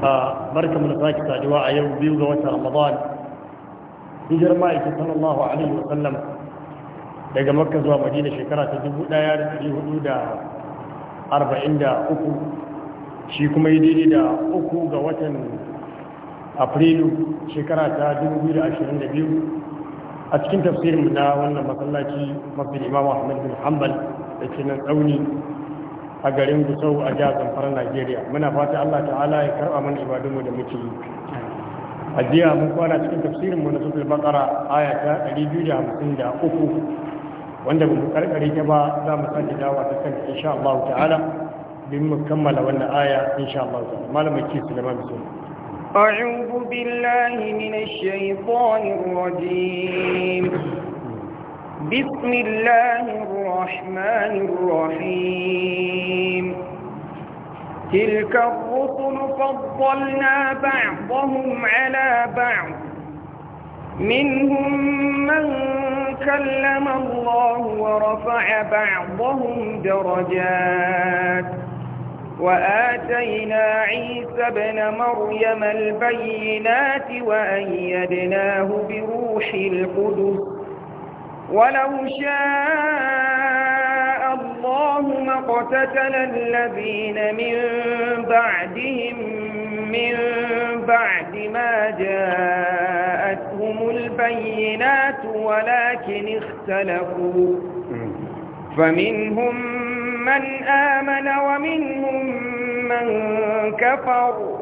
barka mu da sake saduwa a yau biyu ga watan ramadan hijirar ma'aikin sallallahu alaihi wa sallam daga makka zuwa madina shekara ta dubu ɗaya da ɗari hudu da arba'in da uku shi kuma yi daidai da uku ga watan afrilu shekara ta dubu biyu da ashirin da biyu a cikin tafsirin na wannan masallaci mafi imam ahmad bin da tsauni a garin gusau a jihar zamfara najeriya muna fata allah ta'ala ya karba mana ibadunmu da muke yi a jiya mun kwana cikin tafsirinmu na sufil bakara aya ta 253 wanda ba mu karkare ta ba za mu sake dawa ta kanta insha allah ta'ala bin mu kammala wannan aya insha allah ta'ala malamin ki sulaiman bisu أعوذ بالله من الشيطان الرجيم بسم الله الرحمن الرحيم تلك الرسل فضلنا بعضهم على بعض منهم من كلم الله ورفع بعضهم درجات وآتينا عيسى ابن مريم البينات وأيدناه بروح القدس ولو شاء الله ما اقتتل الذين من بعدهم من بعد ما جاءتهم البينات ولكن اختلفوا فمنهم من آمن ومنهم من كفر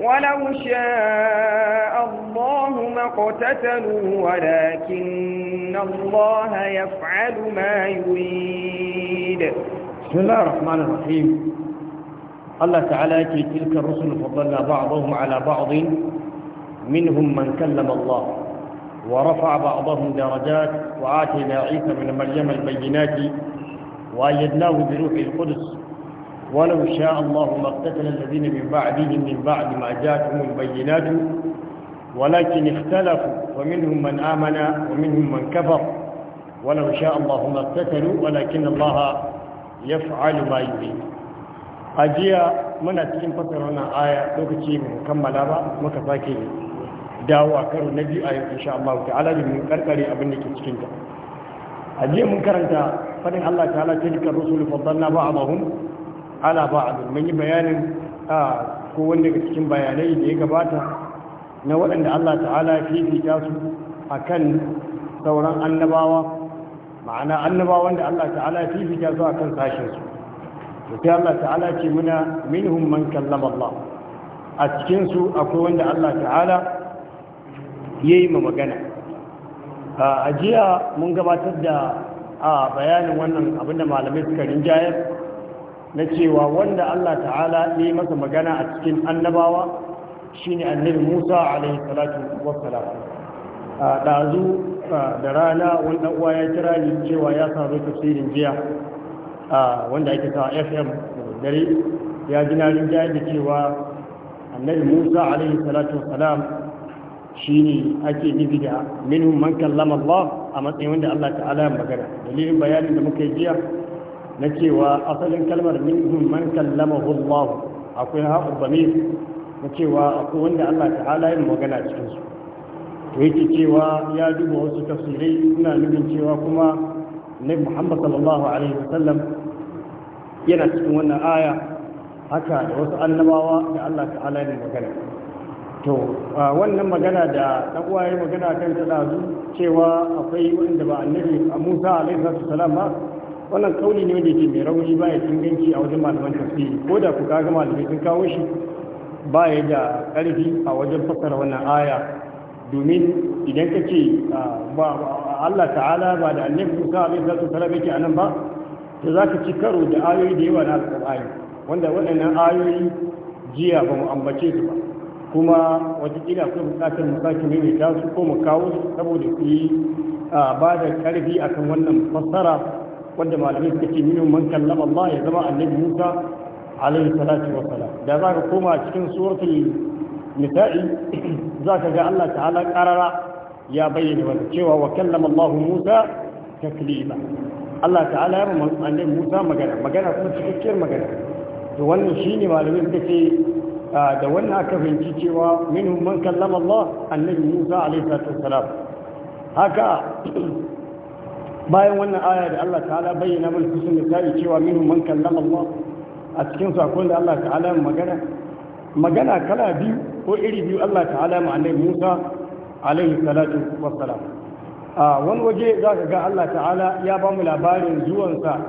ولو شاء الله الله ما اقتتلوا ولكن الله يفعل ما يريد بسم الله الرحمن الرحيم الله تعالى يكي تلك الرسل فضلنا بعضهم على بعض منهم من كلم الله ورفع بعضهم درجات وآتينا عيسى بن مريم البينات وأيدناه بروح القدس ولو شاء الله ما اقتتل الذين من بعدهم من بعد ما جاءتهم البينات ولكن اختلفوا ومنهم من آمن ومنهم من كفر ولو شاء الله ما اقتتلوا ولكن الله يفعل ما يريد أجيا من أتكين فترنا آية لوكتي من كملا با مكفاكي دعوة كرو نبي آية إن شاء الله تعالى من كركري أبنك تكينتا أجيا من كرنتا فإن الله تعالى تلك الرسل فضلنا بعضهم على بعض من بيان آه كون لك تكين بياني دي قباتا na waɗanda Allah ta'ala ya fifita su akan sauran annabawa ma'ana annabawan da Allah ta'ala ya fifita su akan sashin su to sai Allah ta'ala ce muna minhum man kallama Allah a cikinsu akwai wanda Allah ta'ala ya yi ma magana a jiya mun gabatar da a bayanin wannan abinda malamai suka rinjayar na cewa wanda Allah ta'ala ne masa magana a cikin annabawa ne annabi Musa alaihi salatu wassalam a dazu da rana wanda uwa ya kira ni cewa ya samu tafsirin jiya wanda ake sa FM dare ya ji na rinjaya da cewa annabi Musa alaihi salatu wassalam shine ake nufi da minhum man kallama Allah a matsayin wanda Allah ta'ala ya magana dalilin bayanin da muka yi jiya na cewa asalin kalmar minhum man kallamahu Allah akwai ha'u bamir na cewa akwai wanda Allah ta'ala yin magana cikinsu. to yake cewa ya duba wasu tafsirai suna nufin cewa kuma na Muhammad sallallahu alaihi wasallam yana cikin wannan aya haka da wasu annabawa da Allah ta'ala yin magana to wannan magana da ɗan uwa magana kan ta dazu cewa akwai wanda ba Annabi Musa alaihi salam ba wannan kauli ne wanda ke mai rauni ba ya inganci a wajen malaman tafsiri ko da ku kaga malamai sun kawo shi ba ya da ƙarfi a wajen fassara wannan aya domin idan ka ce ah, Allah ta'ala ba da annabi Musa alaihi salatu wasallam yake anan ba to za ka ci karo da ayoyi da yawa na alƙur'ani wanda waɗannan ayoyi jiya ba mu ambace su ba kuma watakila akwai buƙatar mu sake maimaita su ko mu kawo su saboda su yi ah, ba da ƙarfi akan wannan fassara wanda malamai suka ce minhum man kallama Allah ya zama annabi Musa alaihi salatu wa salam da za ka koma cikin suratul nisa'i za ka ga Allah ta'ala karara ya bayyana wata cewa wa kallama Allah Musa taklima Allah ta'ala ya mu annabi Musa magana magana kuma cikakkiyar magana to wannan shine malamin suka ke, da wannan aka fahimci cewa minhum man kallama Allah annabi Musa alaihi salatu wa salam haka bayan wannan aya da Allah ta'ala bayyana mana kusun da cewa minhum man kallama Allah a cikin su da Allah ta'ala magana magana kala biyu ko iri biyu Allah ta'ala ma annabi Musa alaihi salatu wassalam a wani waje za ka ga Allah ta'ala ya ba mu labarin zuwansa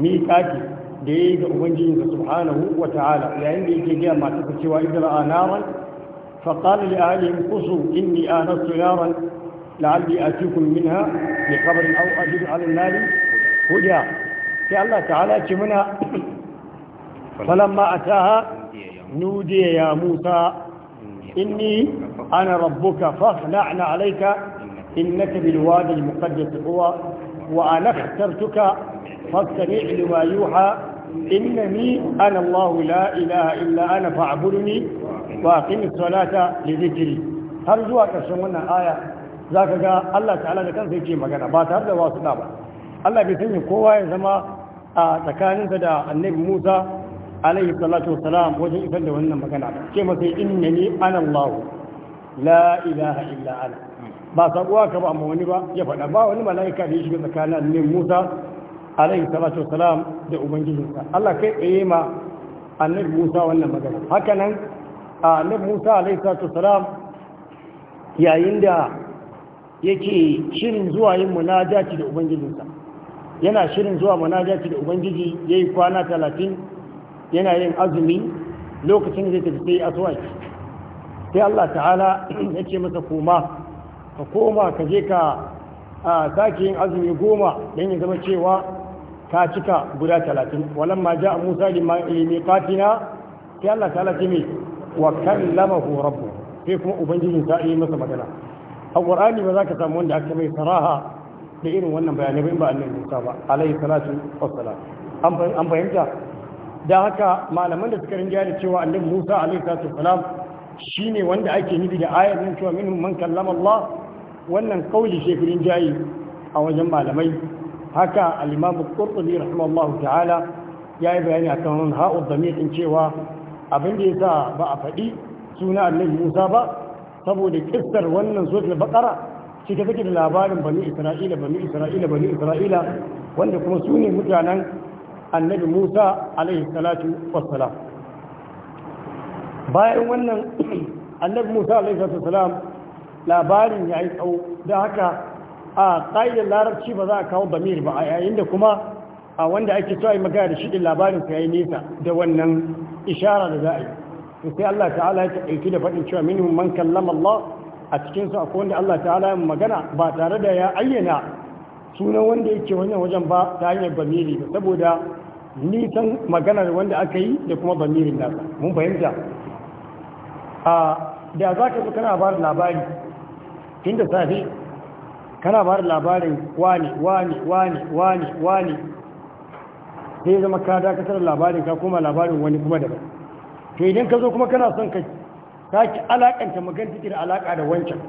miƙati da ya yi ga sa subhanahu wa ta'ala yayin da yake gaya mata ta cewa idra'a naran فقال لأهلهم قصوا إني آنست نارا لعلي أتيكم منها بخبر أو أجد على النار هدى sai Allah ta'ala ce muna falamma ataha nudiya ya musa inni ana rabbuka fakhna'na alayka innaka bil wadi al muqaddas huwa wa ana khartuka fastami' lima yuha innani ana allah la ilaha illa ana fa'budni wa aqimis salata li dhikri har zuwa ƙarshen wannan aya zaka ga Allah ta'ala da kansa ke magana ba tare da wasu da ba Allah bai sanya kowa ya zama a tsakaninsa da annabi Musa alaihi salatu wa salam wajen isar da wannan magana ba masai masa innani ana Allah la ilaha illa ana ba sabuwa ka ba amma wani ba ya faɗa ba wani mala'ika da ya shiga tsakanin ne Musa alaihi salatu wa salam da ubangijinsa Allah kai tsaye ma annabi Musa wannan magana haka nan annabi Musa alaihi salatu wa salam yayin da yake shirin zuwa yin munajati da ubangijinsa yana shirin zuwa munajati da ubangiji yayi kwana talatin. yana yin azumi lokacin zai tafi sai aswaki sai Allah ta'ala ya ce masa koma ka koma ka je ka sake yin azumi goma don ya zama cewa ka cika guda talatin walan ma ja musa limiqatina sai Allah ta'ala ce mai wa kallamahu rabbu sai kuma ubangijin sa yi masa magana a qur'ani ba za ka samu wanda aka mai saraha da irin wannan bayanai ba in ba annabi Musa ba alaihi salatu wassalam an fahimta da haka malaman da suka rinja da cewa annabi Musa alaihi salam shine wanda ake nufi da ayar nan cewa minhum man kallama Allah wannan kauli shekarun jayi a wajen malamai haka al-Imam Qurtubi rahimahullahu ta'ala yayi bayani akan ha'ud damir din cewa abin da yasa ba a faɗi suna annabi Musa ba saboda kissar wannan suratul baqara cike take da labarin bani Isra'ila bani Isra'ila bani Isra'ila wanda kuma su ne mutanen annabi musa alaihi salatu wassalam bayan wannan annabi musa alaihi salatu wassalam labarin ya yi tsawo da haka a ƙa'idar larabci ba za a kawo bamir ba a yayin da kuma a wanda ake so a yi magana da shiɗin labarin sa ya yi nesa da wannan ishara da za a yi sai Allah ta'ala ya taƙaiki da faɗin cewa minhum man kallama Allah a cikinsu akwai wanda Allah ta'ala ya magana ba tare da ya ayyana sunan wanda yake wannan wajen ba ta hanyar bamiri ba saboda nisan maganar wanda aka yi da kuma bamirin nasa mun fahimta a da za ka kana ba da labari tun da safe kana ba da labarin wani wani wani wani wani sai zama ka dakatar labarin ka kuma labarin wani kuma daban to idan ka zo kuma kana son ka sake alakanta magan da alaka da wancan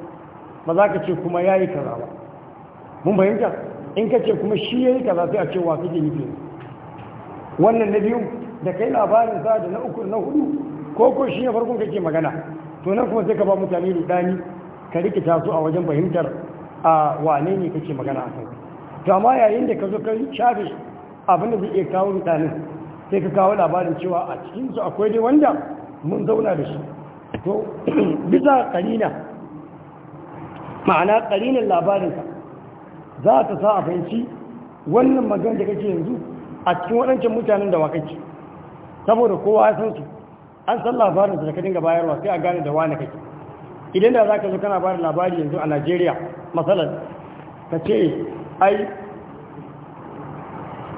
ba za ka ce kuma ya yi kaza ba mun fahimta in ka ce kuma shi ya yi kaza sai a ce wa kake nufi wannan na biyu da kai labarin za da na uku na hudu ko ko shi ne farkon kake magana to nan kuma sai ka ba mutane rudani ka rikita su a wajen fahimtar a wane ne kake magana a kai to amma yayin da ka zo ka shafe abin da zai iya kawo mutane sai ka kawo labarin cewa a cikin su akwai dai wanda mun zauna da shi to bisa karina ma'ana karinin labarinsa za ta sa a fahimci wannan magana da kake yanzu a cikin waɗancan mutanen da ce saboda kowa ya san su an san labarin su da ka dinga bayarwa sai a gane da wane kake idan da za ka zo kana bayar labari yanzu a najeriya matsalar ka ce ai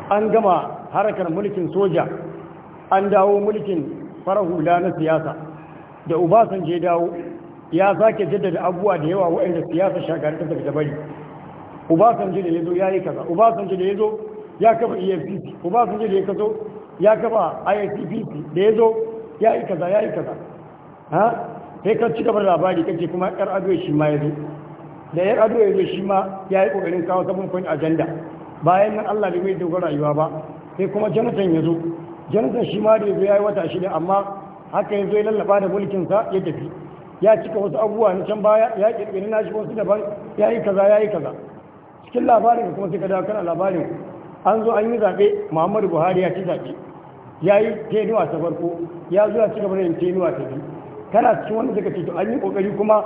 an gama harakar mulkin soja an dawo mulkin farar hula na siyasa da ubasan je dawo ya sake jaddada abubuwa da yawa waɗanda siyasa shagari ta daga bari ubasan je da ya zo ya yi kaza ubasan je da ya zo ya kafa efcc ko ba su da ya kaso ya kafa iscpp da ya zo ya yi kaza ya yi kaza ha sai ka ci gaba da labari kake kuma yar ado shi ma ya zo da yar ado ya zo shi ma ya yi kokarin kawo sabon point agenda bayan nan Allah bai mai dogon rayuwa ba sai kuma Jonathan ya zo Jonathan shi ma da ya zo ya yi wata shida amma haka ya zo ya lallaba da mulkin sa ya tafi ya cika wasu abubuwa na can baya ya kirkiri nashi wasu daban ya yi kaza ya yi kaza cikin labarin kuma sai ka dawo kana labarin an zo an yi zaɓe muhammadu buhari ya ci zaɓe ya yi tenuwa ta farko ya zo ya ci gaba da yin tenuwa ta biyu kana cikin wanda suka ce an yi ƙoƙari kuma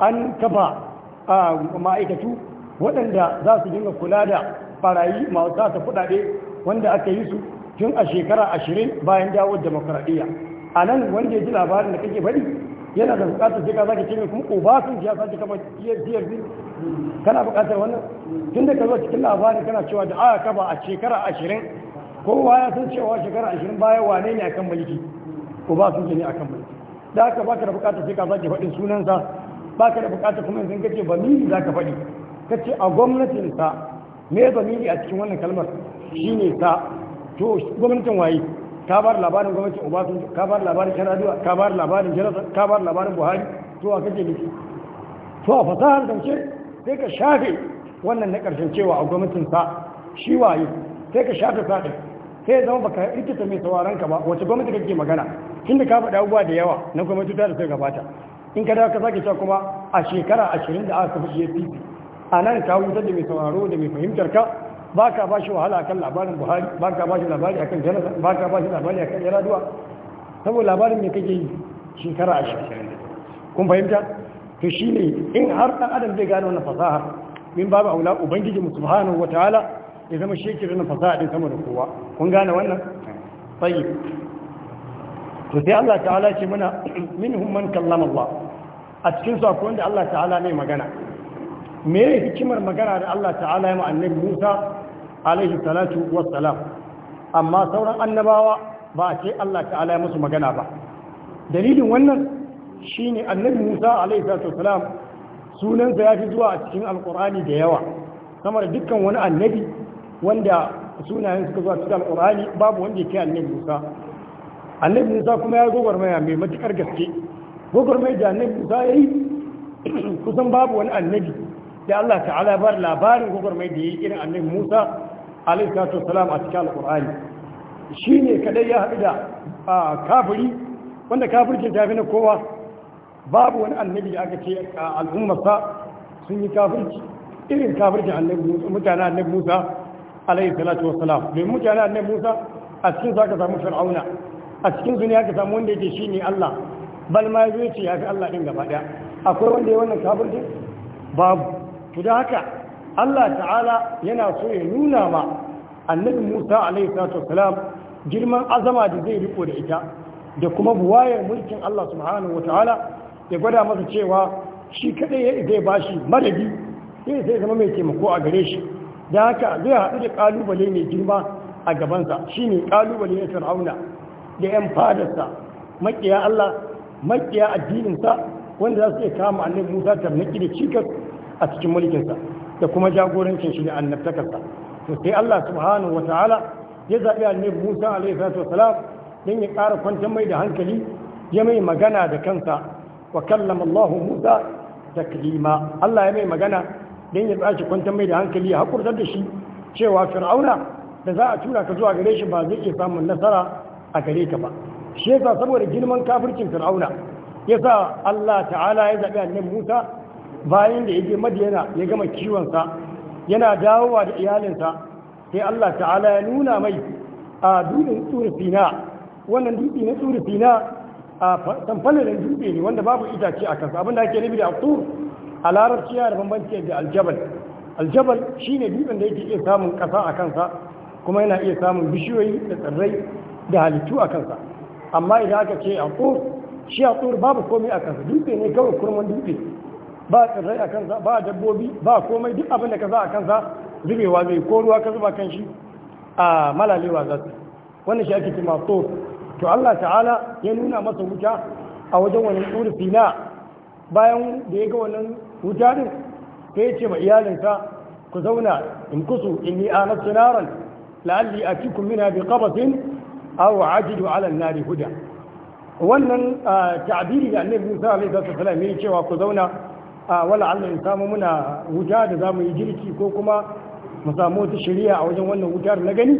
an kafa ma'aikatu waɗanda za su dinga kula da barayi masu tasa kuɗaɗe wanda aka yi su tun a shekara ashirin bayan dawo demokuraɗiyya a nan wanda ya ji labarin da kake bari yana da bukatar sai ka cinye kuma ba sun ya sake kama biyu kana bukatar wannan tun da ka zo cikin labarin kana cewa da aka kaba a shekara ashirin ko ya san cewa shekara ashirin baya wane ne akan mulki ba sun ne akan mulki da aka baka da bukatar sai ka sake faɗin sunansa baka da bukatar kuma yanzu kace ba mini za ka faɗi ka ce a gwamnatinsa me ba mini a cikin wannan kalmar shine sa to gwamnatin waye ka bar labarin gwamnati obasanjo ka bar labarin karaduwa ka bar labarin jirasa ka bar labarin buhari to a kake nufi to a fasahar zance sai ka shafe wannan na ƙarshen cewa a gwamnatin sa shi waye sai ka shafe sa sai ya zama baka rikita mai sauraron ka ba wace gwamnati kake magana tunda ka faɗi abubuwa da yawa na gwamnati ta da sai gabata in ka dawo ka sake cewa kuma a shekara ashirin da aka fi apc a nan ka wutar da mai sauraro da mai fahimtar ka ba ka ba shi wahala akan labarin buhari ba ka ba shi labari akan janaza ba ka ba shi labari akan yaraduwa saboda labarin ne kake yi shekara ashirin kun fahimta to shi ne in har ɗan adam zai gane wannan fasaha min babu aula ubangiji mu subhanahu ta'ala ya zama shekirin na fasaha ɗin sama da kowa kun gane wannan Sa'i, to sai Allah ta'ala ce mana minhum man kallama Allah a cikin su akwai wanda Allah ta'ala ne magana me hikimar magana da Allah ta'ala ya ma Musa alaihi salatu wassalam amma sauran annabawa ba a ce Allah ta'ala ya musu magana ba dalilin wannan shine annabi Musa alaihi salatu wassalam sunansa ya fi zuwa a cikin alqurani da yawa kamar dukkan wani annabi wanda sunayen suka zuwa cikin alqurani babu wanda yake annabi Musa annabi Musa kuma ya gwagwarmaya mai matukar gaske mai da annabi Musa ya yi kusan babu wani annabi da Allah ta'ala bar labarin mai da ya yi irin annabi Musa alaihi salatu wasalam a cikin Shi ne kadai ya haɗu da kafiri wanda kafirkin ta fi na kowa babu wani annabi da aka ce al'ummarsa sun yi kafirki. irin kafirkin mutane annabi Musa alaihi salatu wassalam domin mutane annabi Musa a cikin su aka samu fir'auna a cikin su ne aka samu wanda yake ne Allah bal ma yazo ya fi Allah ɗin gaba daya akwai wanda ya wannan kafirkin? babu to da haka Allah ta'ala yana so ya nuna ma annabi Musa alaihi salatu girman azama da zai riko da ita da kuma buwayar mulkin Allah subhanahu wataala ya gwada masa cewa shi kadai ya zai bashi madadi sai zai zama mai taimako a gare shi da haka zai haɗu da ƙalubale mai girma a gabansa Shi shine ƙalubale na Fir'auna da 'yan fadarsa makiya Allah makiya addininsa wanda za su iya kama annabi Musa tarnaki da cikas a cikin mulkinsa da kuma jagorancin shi da annabtakarsa to sai Allah subhanahu wa ya zaɓi annabi Musa alaihi salatu wasalam dan ya ƙara kwantar mai da hankali ya mai magana da kansa wa kallama Allah Musa taklima Allah ya mai magana dan ya tsaci kwantar mai da hankali ya hakurtar da shi cewa fir'auna da za a tura ka zuwa gare shi ba zai iya samun nasara a gare ka ba shi yasa saboda girman kafircin fir'auna yasa Allah ta'ala ya zaɓi annabi Musa bayan da ya je madiyana ya gama kiwonsa yana dawowa da iyalinsa sai Allah ta'ala ya nuna mai a dutsen tsurufina wannan dutse na tsurufina a tamfalin dutse ne wanda babu itace a kansa abinda ake nufi da abtur a larabci yana da bambanci da aljabal aljabal shine dutsen da yake iya samun kasa a kansa kuma yana iya samun bishiyoyi da tsirrai da halittu a kansa amma idan aka ce abtur shi abtur babu komai a kansa dutse ne kawai kurman dutse ba tsirrai a kansa ba dabbobi ba komai duk abin da ka za a kansa zubewa zai ko ruwa ka zuba kan shi a malalewa za su wannan shi ake cima to to Allah ta'ala ya nuna masa wuta a wajen wani tsuri fina bayan da ya ga wannan wuta din sai ya ce ma iyalinsa ku zauna in kusu a anastu naran la'alli atikum minha bi qabatin aw ajidu ala nari huda wannan ta'abiri da annabi Musa alaihi salatu wasallam cewa ku zauna a wala in samu muna wuta da za mu yi girki ko kuma mu samu wata shari'a a wajen wannan wutar na gani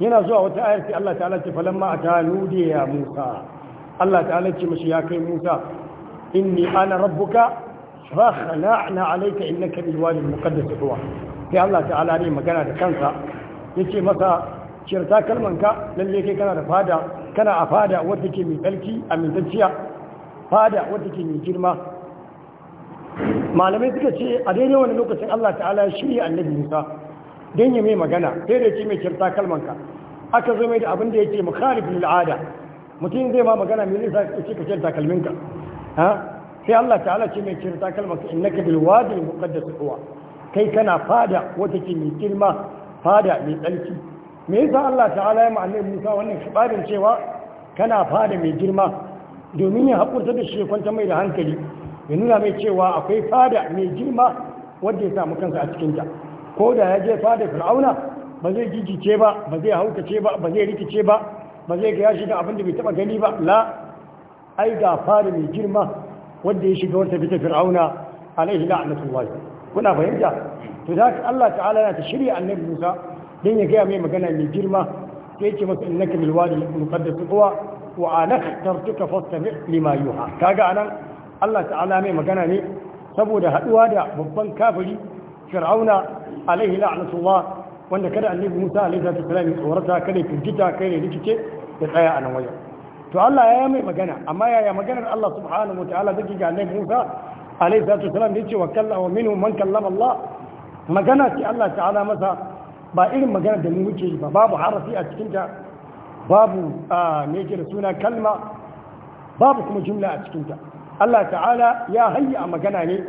yana zuwa wata ayar sai Allah ta'ala ce falamma a nudiya ya Musa Allah ta'ala ce mashi ya kai Musa inni ana rabbuka fakhla'na alayka innaka na wadi al sai Allah ta'ala ne magana da kansa yace masa cirta kalmanka lalle kai kana da fada kana a fada wata ke mai tsarki amintacciya fada wata ke mai girma malamai suka ce a daidai wani lokacin Allah ta'ala shirya annabi Musa don ya mai magana sai da ce mai kirta kalmanka aka zo mai da abin da yake mukhalif lil ada mutum zai ma magana mai nisa ka ce ka kirta kalminka ha sai Allah ta'ala ce mai kirta kalmanka innaka bil wadi muqaddas huwa kai kana fada wata ke mai girma fada mai tsarki me yasa Allah ta'ala ya ma annabi Musa wannan shibarin cewa kana fada mai girma domin ya hakurta da shi kwanta mai da hankali ya nuna mai cewa akwai fada mai girma wadda ya samu kansa a cikinta ko da ya je fada fir'auna ba zai gigice ba ba zai haukace ba ba zai rikice ba ba zai ga shi da abin da bai taba gani ba la ai ga fada mai girma wadda ya shiga wata fita fir'auna alaihi la'natullahi kuna fahimta to da Allah ta'ala yana ta shirya annabi Musa dan ya gaya mai magana mai girma sai ce masa innaka bilwadi muqaddas tuwa wa anaka tartuka fastami' lima yuha kaga anan Allah ta'ala mai magana ne saboda haduwa da babban kafiri fir'auna alaihi la'natullah wanda kada annabi Musa alaihi salam ya tsorata kada ya firgita kai ne rikice ya tsaya a nan wajen to Allah ya mai magana amma yaya maganar Allah subhanahu wa ta'ala take ga annabi Musa alaihi salam yace wa wa minhum man kallama Allah magana ce Allah ta'ala masa ba irin magana da mu muke yi ba babu harafi a cikin ta babu ah, me yake da suna kalma babu kuma jumla a cikin ta Allah ta'ala ya hayya a magana ne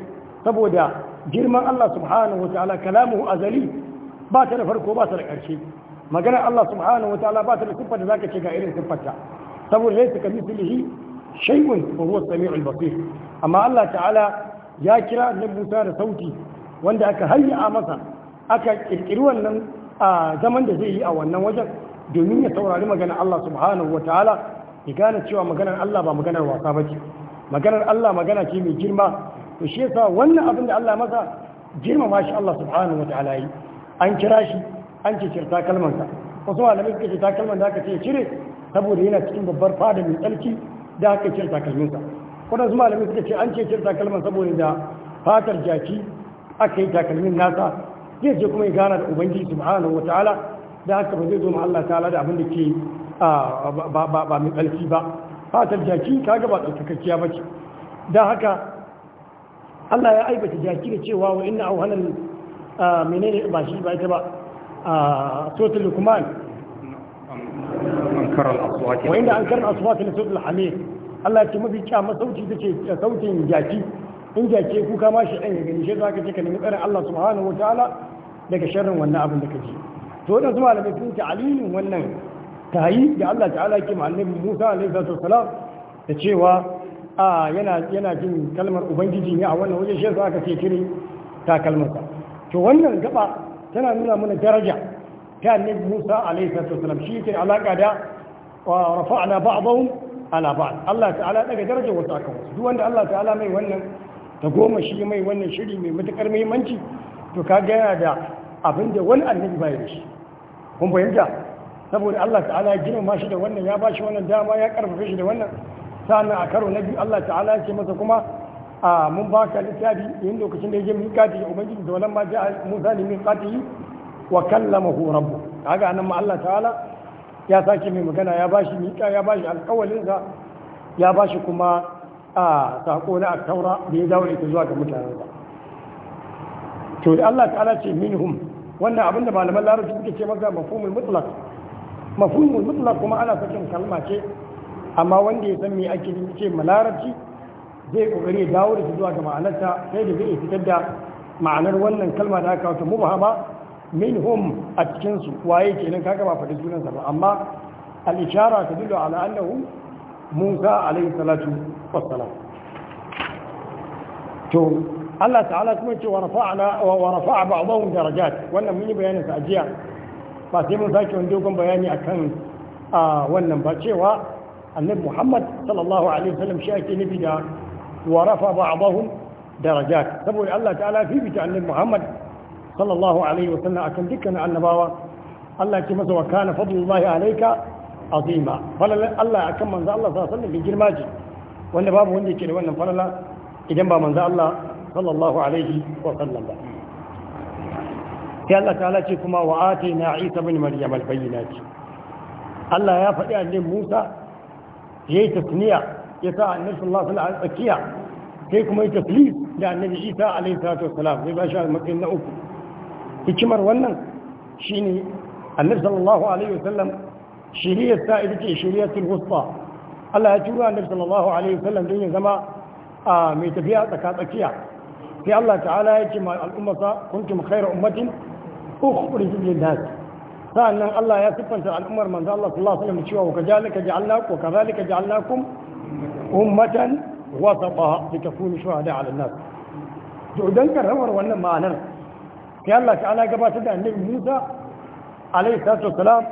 saboda girman Allah subhanahu wa ta'ala kalamuhu azali ba ta da farko ba ta da ƙarshe magana Allah subhanahu wa ta'ala ba ta da siffar da zaka ce ga irin siffarta saboda laysa ka mislihi shay'un wa huwa as-sami'ul basir amma Allah ta'ala ya kira na Musa da sauti wanda aka hayya masa aka kirkiri wannan zaman da zai yi a wannan wajen domin ya saurari maganar Allah subhanahu wa ta'ala ya gane cewa maganar Allah ba maganar wasa ba ce maganar Allah magana ce mai girma to shi yasa wannan abin da Allah masa girmama shi Allah subhanahu wa ta'ala yi an kira shi an ce cirta kalmansa wasu malami suka ce takalman da aka ce cire saboda yana cikin babbar fada mai tsarki da aka cire takalminsa waɗansu malami suka ce an ce takalman saboda da fatar jaki aka yi takalmin nasa zai je kuma ya gana da ubangiji subhanahu wa ta'ala, da haka ba zai zo ma Allah ta'ala da abin da ke ba mai tsarki ba fatar jaki ka gaba tsarkakakkiya ba ce don haka allah ya aibata jaki da cewa wa ina auhalar menene ba shi ba ita ba a total lukman wa inda an karar ta na total hame allah ce mafi kyama sauti ta ce sautin jaki in jaki kuka ma shi ɗan gani shi za ka ce ka nemi tsarin allah subhanahu wa ta'ala daga sharrin wannan abin da ka ji to su malamai sun ce alilin wannan yi da Allah ta'ala ke ma Musa a.s. da cewa a yana jin kalmar ubangiji ne a wannan waje shi aka ce kiri ta kalmar to wannan gaba tana nuna mana daraja ta annabi Musa a.s. shi yake alaƙa da rafa ala ba'dahum ala ba'd Allah ta'ala daga darajar wasu aka wasu duk wanda Allah ta'ala mai wannan ta goma shi mai wannan shiri mai matukar muhimmanci to ka gaya da abin da wani annabi baya da shi kun fahimta saboda Allah ta'ala ya gina mashi da wannan ya bashi wannan dama ya karfafa shi da wannan sannan a karo na biyu Allah ta'ala ya ce masa kuma a mun ka littafi yin lokacin da ya je miƙati ya ubangiji da wannan ma ja Musa ne miƙati wa kallama kallamahu rabbu kaga anan ma Allah ta'ala ya sake mai magana ya bashi miƙa ya bashi alƙawalin sa ya bashi kuma a sako na taura da ya dawo ita zuwa ga mutanen sa to da Allah ta'ala ce minhum wannan abinda malaman larabci suke ce masa mafhumul mutlaq mafhumul mutlaq kuma ana sakin kalma ce amma wanda ya san me ake ce malarabci zai kokari ya dawo da zuwa ga ma'anarta sai da zai fitar da ma'anar wannan kalma da aka wata mubhama minhum a cikin su waye kenan kaga ba faɗi sunansa ba amma al-ishara tadullu ala annahu Musa alayhi salatu wassalam to Allah ta'ala kuma ce wa rafa'na wa rafa'a ba'dahum darajat wannan mun yi bayanin sa ajiya ba sai mun sake wani dogon bayani akan a wannan ba cewa annabi Muhammad sallallahu alaihi wasallam shi ake nufi da warafa ba rafa ba'dahum darajat saboda Allah ta'ala fifita annabi Muhammad sallallahu alaihi wasallam akan dukkan annabawa Allah ya ce masa wa kana fadlullahi alayka azima falalan Allah akan manzo Allah sallallahu alaihi wasallam girma wanda babu wanda yake da wannan falala idan ba manzo Allah sallallahu alaihi wasallam ba sai Allah ta'ala ce kuma wa atina Isa ibn Maryam al-bayyinat Allah ya faɗi annabi Musa ya yi tasniya ya sa annabi sallallahu alaihi wasallam tsakiya sai kuma ya taflis da annabi Isa alaihi salatu wasalam zai ba shi a matsayin na uku hikimar wannan shine annabi sallallahu alaihi wasallam shiriyar sa ita ce shiriyatul wusta Allah ya tura annabi sallallahu alaihi wasallam don ya zama a mai tafiya tsaka tsakiya sai Allah ta'ala ya ce ma al'ummasa kuntum khairu ummatin اخرج للناس فان الله يا سبحان جعل عمر من الله صلى الله عليه وسلم وكذلك جعلناك وكذلك جعلناكم أمة وسطا لتكونوا شهداء على الناس جعدن كرمر وانا معنا يا الله تعالى قبات ده النبي موسى عليه الصلاة والسلام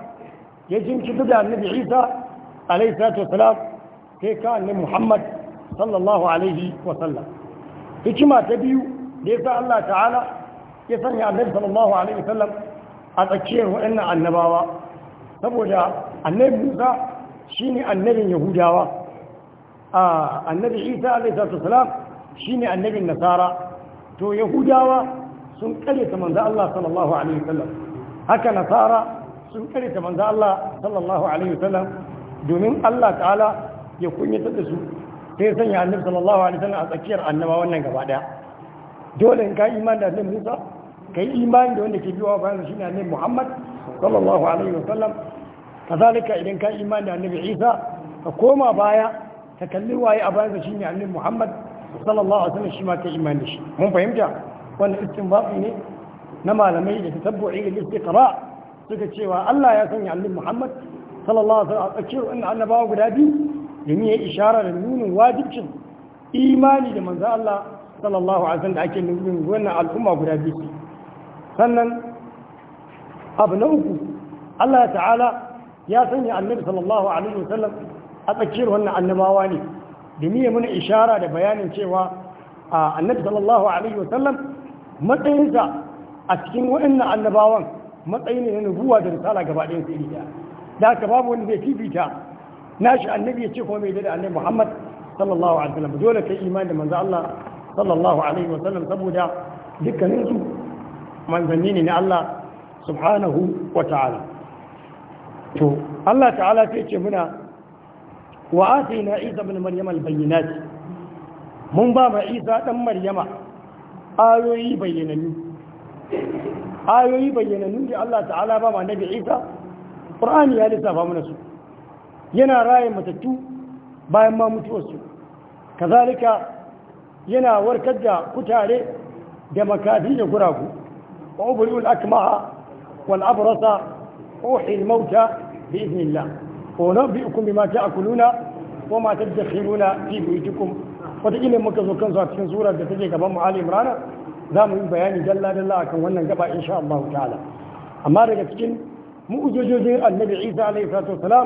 يجي مشد ده النبي عيسى عليه الصلاة والسلام كي كان محمد صلى الله عليه وسلم هيك ما تبيو ليس الله تعالى ya sanya annabi sallallahu alaihi wasallam a tsakiyar waɗannan annabawa saboda annabi Musa shine annabin Yahudawa a annabi Isa alaihi wasallam shine annabin Nasara to Yahudawa sun kare ta manzo Allah sallallahu alaihi wasallam haka Nasara sun kare ta manzo Allah sallallahu alaihi wasallam domin Allah ta'ala ya kunyata da su sai sanya annabi sallallahu alaihi wasallam a tsakiyar annaba wannan gaba daya dole in ka imani da annabi Musa kai imani da wanda ke biyowa bayan shi ne annabi Muhammad sallallahu alaihi wasallam kazalika idan ka imani da annabi Isa ka koma baya ka kalli waye a bayan shi ne annabi Muhammad sallallahu alaihi wasallam shi ma ka imani shi mun fahimta wannan istinbati ne na malamai da tatabbu'i da istiqra suka cewa Allah ya sanya annabi Muhammad sallallahu alaihi wasallam a cikin annabawa guda biyu domin ya isharar da nunin wajibcin imani da manzo Allah sallallahu alaihi wasallam da ake nufin wannan al'umma guda biyu sannan abu na uku Allah ta'ala ya sanya annabi sallallahu alaihi wasallam a tsakiyar wannan annabawa ne domin ya muna ishara da bayanin cewa annabi sallallahu alaihi wasallam matsayinsa a cikin waɗannan annabawan matsayi ne na nubuwa da risala gaba ɗayan sai ɗaya da haka babu wanda zai fifita nashi annabi ya ce ko mai da annabi Muhammad sallallahu alaihi wasallam dole kai imani da manzo Allah sallallahu alaihi wasallam saboda dukkaninsu manzanni ne na Allah subhanahu wa ta'ala to Allah ta'ala sai ce muna wa atina isa ibn maryam albayyinat mun ba ma isa dan maryama ayoyi bayyanannu ayoyi bayyanannu da Allah ta'ala ba ma nabi isa Al-ƙur'ani ya lissafa muna su yana raye matattu bayan ma mutuwarsu kazalika yana warkar da kutare da makafi da guragu وأبرئ الأكمه والأبرص أوحي الموتى بإذن الله ونبئكم بما تأكلون وما تدخرون في بيوتكم wataƙila muka zo kansu a cikin sura da take gaban mu'ali imrana za mu yi bayani dalla dalla akan wannan gaba insha Allah ta'ala amma daga cikin mu'ujojojin annabi Isa alaihi salatu wasalam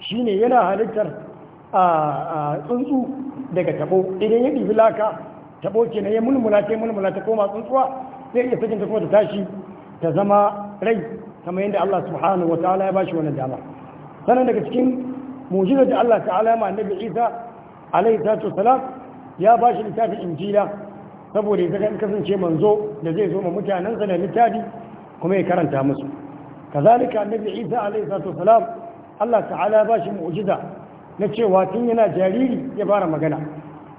shine yana halittar a tsuntsu daga tabo idan ya ɗibi laka tabo kenan ya mulmula ta mulmula ta koma tsuntsuwa zai iya sakin ta kuma ta tashi ta zama rai kama yadda Allah subhanahu wa ta'ala ya bashi wannan dama sanan daga cikin mu'jizar da Allah ta'ala ya annabi Isa alaihi salatu wassalam ya bashi littafin injila saboda ya kasance manzo da zai zo ma mutanensa da littafi kuma ya karanta musu kazalika annabi Isa alaihi salatu wassalam Allah ta'ala ya bashi mu'jiza na cewa tun yana jariri ya fara magana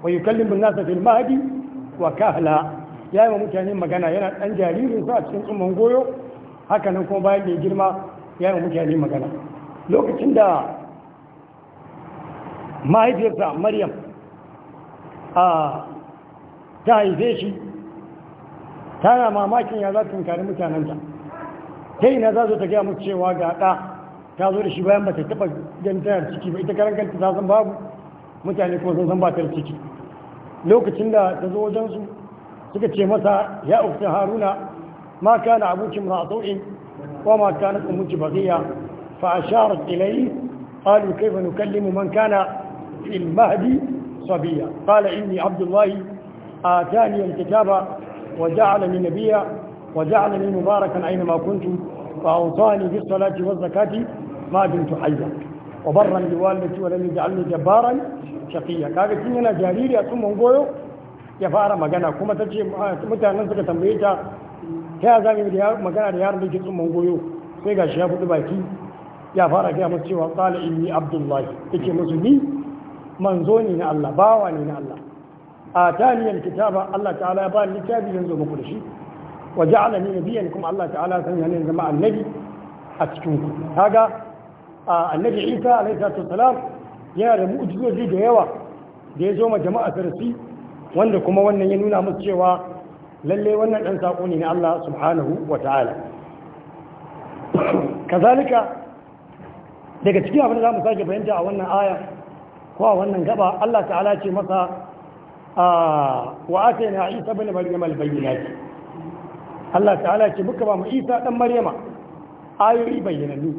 wa yukallimu an-nasa fil mahdi wa kahla ya yi wa mutane magana yana ɗan jaririn sa a cikin tsumman goyo haka nan kuma bayan da ya girma ya yi wa mutane magana lokacin da mahaifiyarsa maryam a ta haife shi tana mamakin ya za ta tunkari mutanenta ta yi na za ta gaya mutu cewa ga ɗa ta zo da shi bayan bata ta taɓa gantar ciki ba ita karan kanta ta san babu mutane kuma sun san ba ta ciki lokacin da ta zo su. suka ce masa ya ukta haruna ma kana abuki mra'atu'in wa ma kanat ummuki baghiya fa asharat ilayhi qalu kayfa nukallimu في المهدي صبيا قال إني عبد الله آتاني الكتاب وجعلني نبيا وجعلني مباركا أينما كنت وأوصاني بالصلاة والزكاة ما دمت حيا وبرا بوالدتي ولم يجعلني جبارا شقيا كاغتين إننا جاريري اكون منغويو ya fara magana kuma ta ce ah, mutanen suka tambaye ta ta ya zami da magana da yaran da ke tsumman goyo sai ga shi ya fudu baki ya fara gaya masu cewa tsala inni abdullahi yake musu ni manzo ne na Allah bawa ne na Allah a taniyar kitaba Allah ta'ala ya ba ni littafi zan zo muku da shi wa ja'alani biyan kuma Allah ta'ala san yana zama annabi a cikin ku kaga annabi Isa alaihi salatu wasalam yana da mu'jizoji da yawa da ya zo ma jama'a sarsi wanda kuma wannan ya nuna musu cewa lalle wannan ɗan saƙo ne na Allah subhanahu wa ta'ala kazalika daga cikin abin da za mu sake fahimta a wannan aya ko a wannan gaba Allah ta'ala ce masa ah, wa ake na isa bane maryam albayyana ce Allah ta'ala ce muka ba mu isa ɗan maryama ayoyi bayyanannu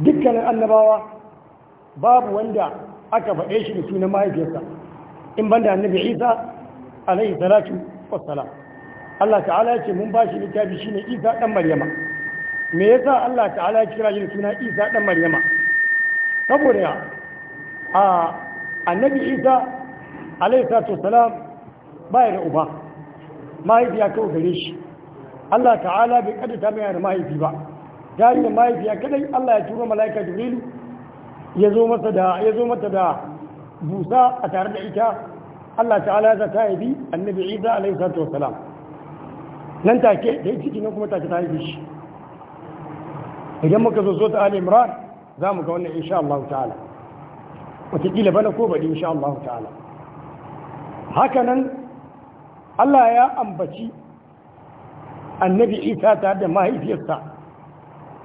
dukkanin annabawa babu wanda aka faɗe shi da sunan mahaifiyarsa in banda annabi isa alaihi salatu wassalam Allah ta'ala ya ce mun bashi littafi shine isa dan maryama me yasa Allah ta'ala ya kira shi suna isa dan maryama saboda a annabi isa alaihi salatu wassalam bai da uba mahaifiya kawo gare shi Allah ta'ala bai kada ta mai da mahaifi ba tare da mahaifiya kadai Allah ya turo mala'ika jibrilu ya zo mata da busa a tare da ita Allah ta'ala ya zata yabi annabi Isa alaihi salatu wassalam nan take da ciki nan kuma take ta haifi shi idan muka zo zo ta Ali Imran za mu ga wannan insha Allah ta'ala wataƙila bana ko baɗi insha Allah ta'ala haka nan Allah ya ambaci annabi Isa tare da mahaifiyarsa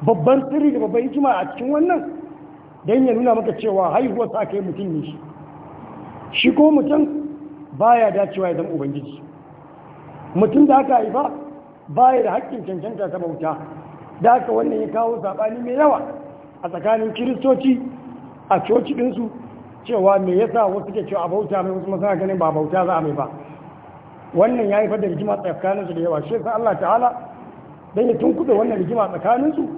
babban sirri da babban hikima a cikin wannan Dan ya nuna maka cewa haihuwarsa aka yi mutum ne shi shi ko mutum ya dacewa ya zama ubangiji mutum da aka haifa ba ya da haƙƙin cancanta ta bauta da aka wannan ya kawo saɓani mai yawa a tsakanin kiristoci a coci ɗinsu cewa me yasa wasu ke cewa a bauta mai wasu masana ganin ba bauta za a mai ba wannan ya haifar da rigima tsakaninsu da yawa shi Allah ta'ala dan ya tunkuɗe wannan rigima tsakaninsu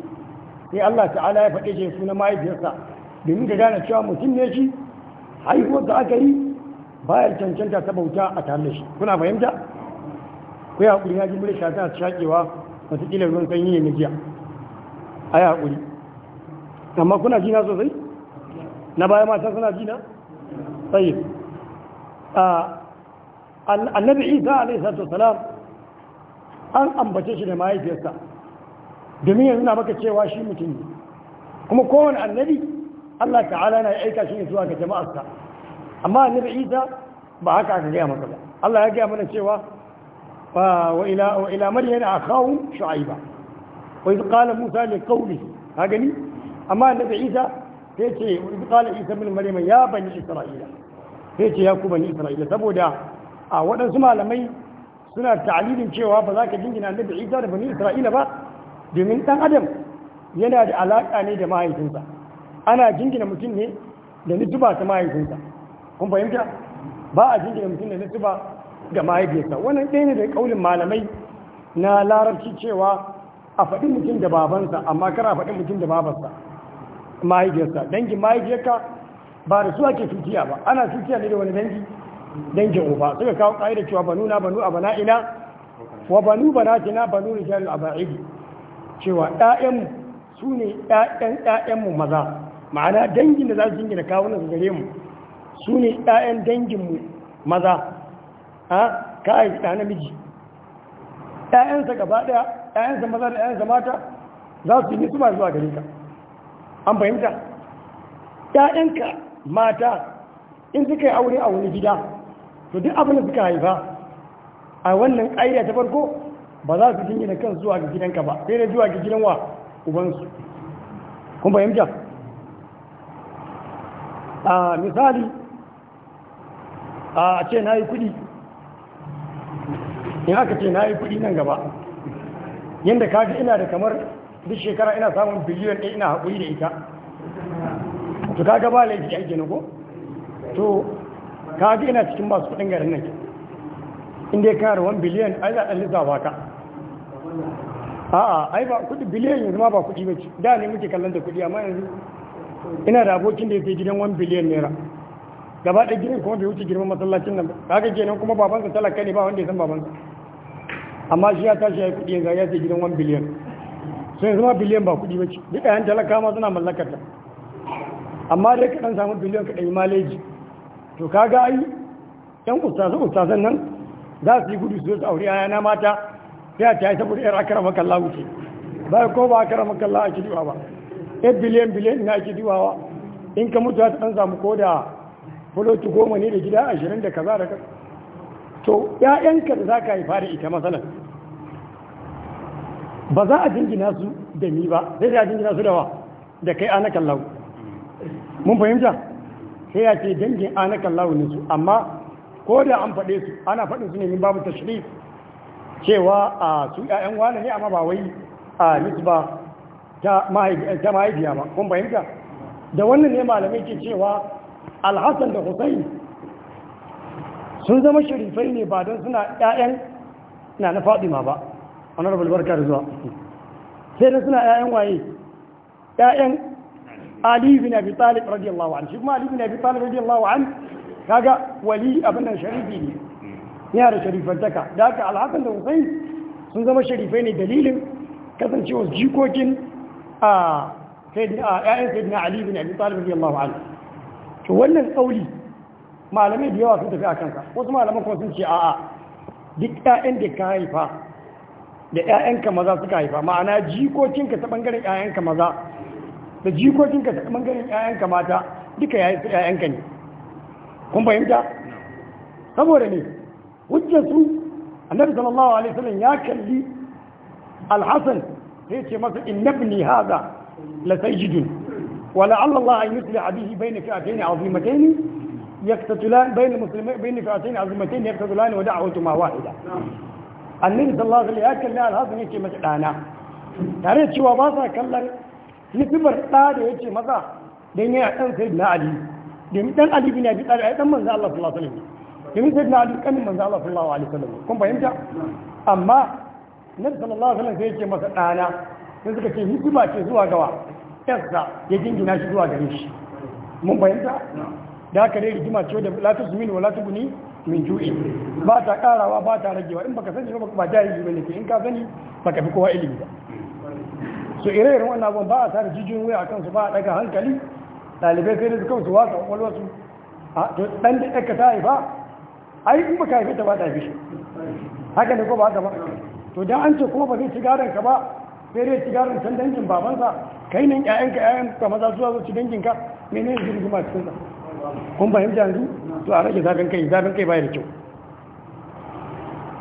sai Allah ta'ala ya faɗe shi sunan mahaifiyarsa domin ka gane cewa mutum ne shi haihuwar da aka yi bayar cancanta ta bauta a tare da shi kuna fahimta ku yi haƙuri ya ji mure shata a shaƙewa ƙilar ruwan sanyi ne mijiya a yi haƙuri amma kuna jina sosai na baya mata suna jina tsaye annabi isa alaihi salatu salam an ambace shi da mahaifiyarsa domin ya na maka cewa shi mutum ne kuma kowane annabi Allah ta'ala na aika shi ne zuwa ga jama'arsa amma annabi isa ba haka aka gaya masa ba Allah ya gaya mana cewa wa ila wa ila maryam akhahu shu'aiba wa idh qala musa li qawlihi ha gani amma annabi isa sai ce wa idh qala isa min maryam ya bani isra'ila sai ce ya ku bani isra'ila saboda a wadansu malamai suna ta'alilin cewa ba za ka jingina annabi isa da bani isra'ila ba domin dan adam yana da alaƙa ne da mahaifinsa ana jingina mutum ne da nutuba ta mahaifinsa kun fahimta ba a da mutum da ba ga mahaifiyarsa wannan ɗaya ne da kaulin malamai na larabci cewa a faɗi mutum da babansa amma kar a faɗi mutum da babarsa mahaifiyarsa dangin mahaifiyarka ba da su ake tutiya ba ana tutiya ne da wani dangi dangin uba suka kawo ƙa'ida cewa banu na banu a ina wa banu bana banatina banu rijal aba'idi cewa ɗayan su ne ɗayan ɗayan mu maza ma'ana dangin da za su jingina kawo su gare mu su ne 'ya'yan danginmu maza a kayan ɗa namiji ɗayansa gaba ɗaya ɗayansa maza da ɗayansa mata za su yi ma zuwa gare ka an fahimta ɗayanka mata in suka yi aure a wani gida to duk abin da suka haifa a wannan ƙa'ida ta farko ba za su jingina kan zuwa ga gidanka ba sai da zuwa ga gidan wa ubansu kun fahimta a misali a ce na yi kudi in aka ce na yi kudi nan gaba yadda kaji ina da kamar duk shekara ina samun biliyon ɗaya ina haƙuri da ita to kaga ba laifi aiki na ko to kaji ina cikin masu kudin garin nan inda ya kayar 1 biliyon ai za a ɗan lissafa ka a'a ai ba kudi biliyon yanzu ma ba kudi ba ce da ne muke kallon da kudi amma yanzu ina da abokin da ya fi gidan 1 biliyon naira gaba da gidan kuma bai wuce girman masallacin nan ba kaga kenan kuma babansa talaka ne ba wanda ya san babansa amma shi ya tashi ya kudi yanzu ya ce gidan 1 biliyan sun zama biliyan ba kudi bace duk ayan talaka ma suna mallakar ta amma dai ka samu biliyan ka dai maleji to kaga ai yan ustazu ustazan nan za su yi gudu su zo su aure na mata sai a ta yi saboda yar akara makalla wuce ba ko ba akara makalla a kidiwa ba ɗan biliyan biliyan na kidiwawa in ka mutu ta dan samu ko da fuloti goma ne da gida ashirin da kaza da kaza to ‘ya'yanka da za ka haifa da ita matsalar ba za a jingina su da ni ba sai da jingina su da wa da kai ana kallahu mun fahimta sai ya ce dangin ana kallahu ne su amma ko da an faɗe su ana faɗin su ne min babu tashrif cewa a su ‘ya'yan wani ne amma ba wai a ba ta mahaifiya ba kun fahimta da wannan ne malamai ke cewa alhassan da hussein sun zama shirifai ne ba don suna ƴaƴan na na fadima ba wani rabu albarka da zuwa sai da suna ƴaƴan waye ƴaƴan ali bin abi talib radiyallahu an shi kuma ali bin abi talib radiyallahu an kaga wali abin nan sharifi ne yana da sharifantaka da haka alhassan da hussein sun zama sharifai ne dalilin kasancewar jikokin ah, a ƴaƴan sayyidina ali bin abi talib radiyallahu anhu to wannan kauli malamai da yawa sun tafi a kansa wasu malaman kuma sun ce a'a duk ƴaƴan da ka haifa da ƴaƴanka maza suka haifa ma'ana jikokinka ta bangaren ƴaƴanka maza da jikokinka ta bangaren ƴaƴanka mata duka yayi su ƴaƴanka ne kun fahimta saboda ne hujjar su annabi sallallahu alaihi wasallam ya kalli al-hasan sai ce masa innabni hadha la sayyidun ولعل الله ان يصلح به بين فئتين عظيمتين يقتتلان بين المسلمين بين فئتين عظيمتين يقتتلان ودعوتهما واحده. النبي صلى الله عليه وسلم قال هذا نيتي مثلنا. ترى شو باصا كلر نفي برتاد يجي مثلا دنيا أن سيدنا علي دم علي بن أبي طالب أيضا من الله صلى الله عليه وسلم دم سيدنا علي كان من الله صلى الله عليه وسلم كم بيمجا أما نبي صلى الله عليه وسلم يجي مثلا أنا نزك شيء نفي yarsa ya jingina shi zuwa gare shi mun bayanta da aka dai rigima ce da la min wa la tubni min ju'i ba ta karawa ba ta ragewa in baka sani ba ba yi bane ke in ka sani baka fi kowa ilimi ba so ire-iren wannan abun ba a sa da jijiyoyin wuya akan su ba a ɗaga hankali ɗalibai sai da su kansu a kwakwalwarsu su to ɗan da ɗaka ta haifa ai in baka haife ta ba ta haife shi haka ne ko ba haka ba to dan an ce kuma ba zai ci gadon ka ba sai dai shiga san dangin babansa kai nan ƴaƴanka ƴaƴan ka maza zuwa zuci danginka Menene ne jirgin ma cikin kun fahimta yanzu to a rage zakan kai zakan kai bai da kyau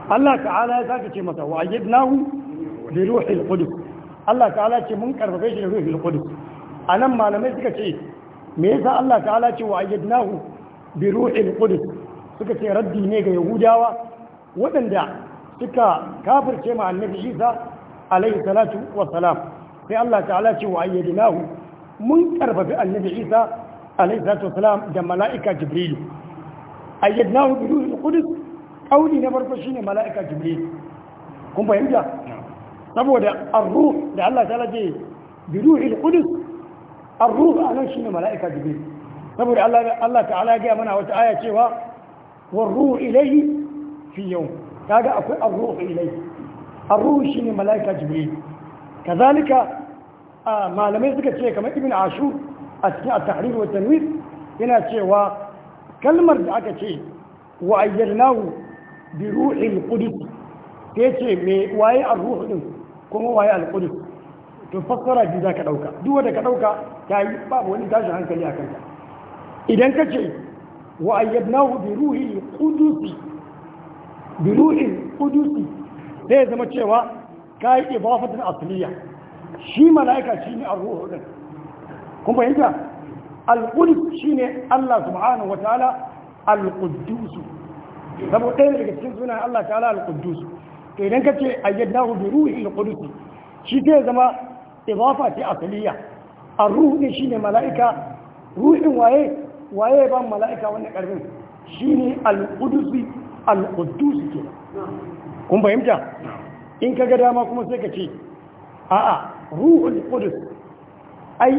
Allah ta'ala ya sake ce masa wa ayyadnahu bi ruhil qudus Allah ta'ala ce mun karfafe shi da ruhil qudus anan malamai suka ce me yasa Allah ta'ala ce wa ayyadnahu bi ruhil qudus suka ce raddi ne ga yahudawa waɗanda suka kafirce ma annabi Isa alaihi salatu wa salam sai Allah ta'ala ce wa ayyadinahu mun karfafi annabi Isa alaihi salatu wa salam da mala'ika Jibril ayyadnahu bi ruhil qudus kauli na farko shine mala'ika Jibril kun fahimta saboda ar-ruh da Allah ta'ala ce bi ruhil qudus ar-ruh anan shine mala'ika Jibril saboda Allah Allah ta'ala ya ga mana wata aya cewa war ruhu ilayhi fi yawm kaga akwai ar-ruh ilayhi arruhu ne mala'ika jibril kazalika malamai suka ce kamar ibn ashur a cikin at-tahrir wa tanwir yana cewa kalmar da aka ce wa ayyadnahu bi ruhil qudus yace me waye arruhu din kuma waye al-qudus to fassara biyu za ka ɗauka duk wanda ka ɗauka ta yi babu wani tashin hankali a kanka idan ka ce wa ayyadnahu bi ruhi qudusi bi ruhi qudusi zai zama cewa ka yi ibafatin asliya shi mala'ika shi ne arruhu din kun fahimta al shi ne Allah subhanahu wataala al-quddus saboda ɗaya daga cikin sunan Allah ta'ala al-quddus idan ka ce a ayyadahu bi ruhi al-qudus shi zai zama ibafa ce asliya ar-ruhu ne shine mala'ika ruhin waye waye ban mala'ika wannan karfin shi ne qudus al-quddus kun fahimta in ka ga dama kuma sai ka ce a'a ruhun qudus ai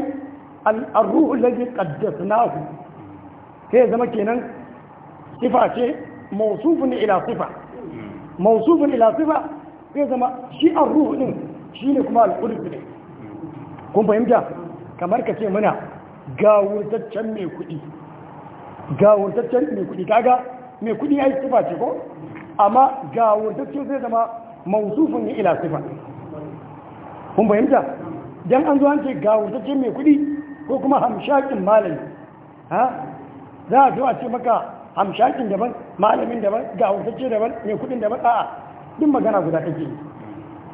ar-ruhu alladhi qaddasnahu sai zama kenan sifa ce mawsufun ila sifa mawsufun ila sifa sai zama shi ar-ruhu din ne kuma al-qudus ne kun fahimta kamar ka ce muna gawurtaccen mai kuɗi gawurtaccen mai kuɗi kaga mai kuɗi ai sifa ce ko amma gawurtacce zai zama mausufin ya ila sifa kun fahimta don an zo an ce gawurtacce mai kuɗi ko kuma hamshakin malami ha za a zo a ce maka hamshakin daban malamin daban gawurtacce daban mai kuɗin daban a'a din magana guda take yi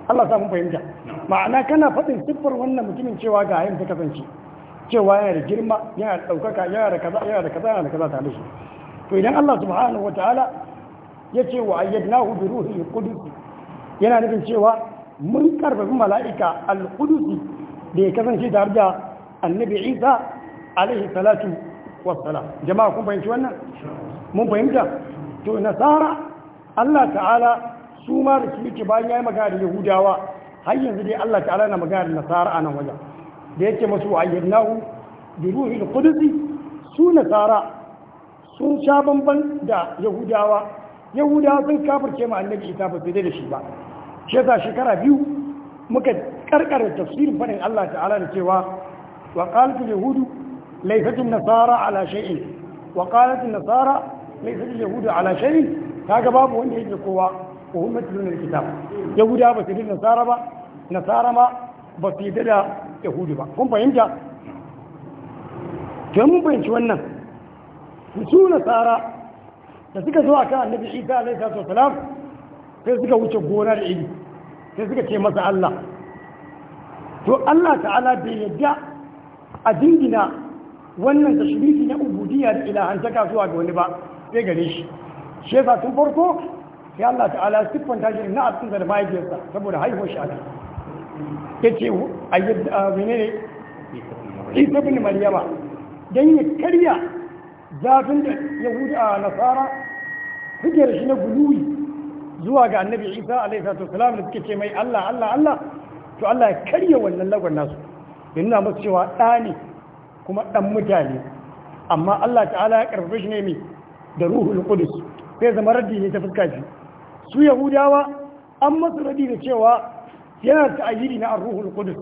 Allah samun fahimta ma'ana kana faɗin siffar wannan mutumin cewa ga hayin ta kasance cewa yana da girma yana da ɗaukaka yana da kaza yana da kaza yana da kaza ta shi to idan Allah subhanahu wataala yace wa ayyadnahu bi ruhil qudus yana nufin cewa mun karfafi mala'ika al-qudus da ya kasance tare da annabi Isa alaihi salatu wassalam jama'a kun fahimci wannan mun fahimta to nasara Allah ta'ala su ma da suke bayan yayi magana da yahudawa har yanzu dai Allah ta'ala na magana da nasara a nan wajen da yake masu ayyadnahu bi ruhil Kudusi su nasara sun sha bamban da yahudawa yahudawa sun kafirce ma annabi isa ba su da shi ba shi yasa shekara biyu muka karkara tafsirin fadin Allah ta'ala da cewa wa qalatul yahudu laysat nasara ala shay'in wa qalatul nasara laysat yahudu ala shay'in kaga babu wanda yake kowa ko ummatul kitab yahudawa ba su da nasara ba nasara ma ba su da yahudu ba kun fahimta don mun fahimci wannan su nasara da suka zo kan annabi isa alaihi salatu wasalam sai suka wuce gona da iri sai suka ce masa Allah to Allah ta'ala bai yadda a dingina wannan tashrifi na ubudiyya da ilahantaka zuwa ga wani ba sai gare shi shi yasa tun farko sai Allah ta'ala siffanta shi na abin da mahaifiyarsa saboda haihuwar shi ana yace ayyadda menene Isa bin Maryama dan ya karya zafin da Yahudu a Nasara suke da shi na guluwi zuwa ga annabi isa alaihi salatu salam da suke ce mai allah allah allah to allah ya karya wannan lagon nasu ya nuna masu cewa ɗa ne kuma ɗan mutane amma allah ta'ala ya karfafe shi ne mai da ruhul qudus sai zama raddi ne ta fuska shi su yahudawa an masu raddi da cewa yana ta'ayyidi na ruhul qudus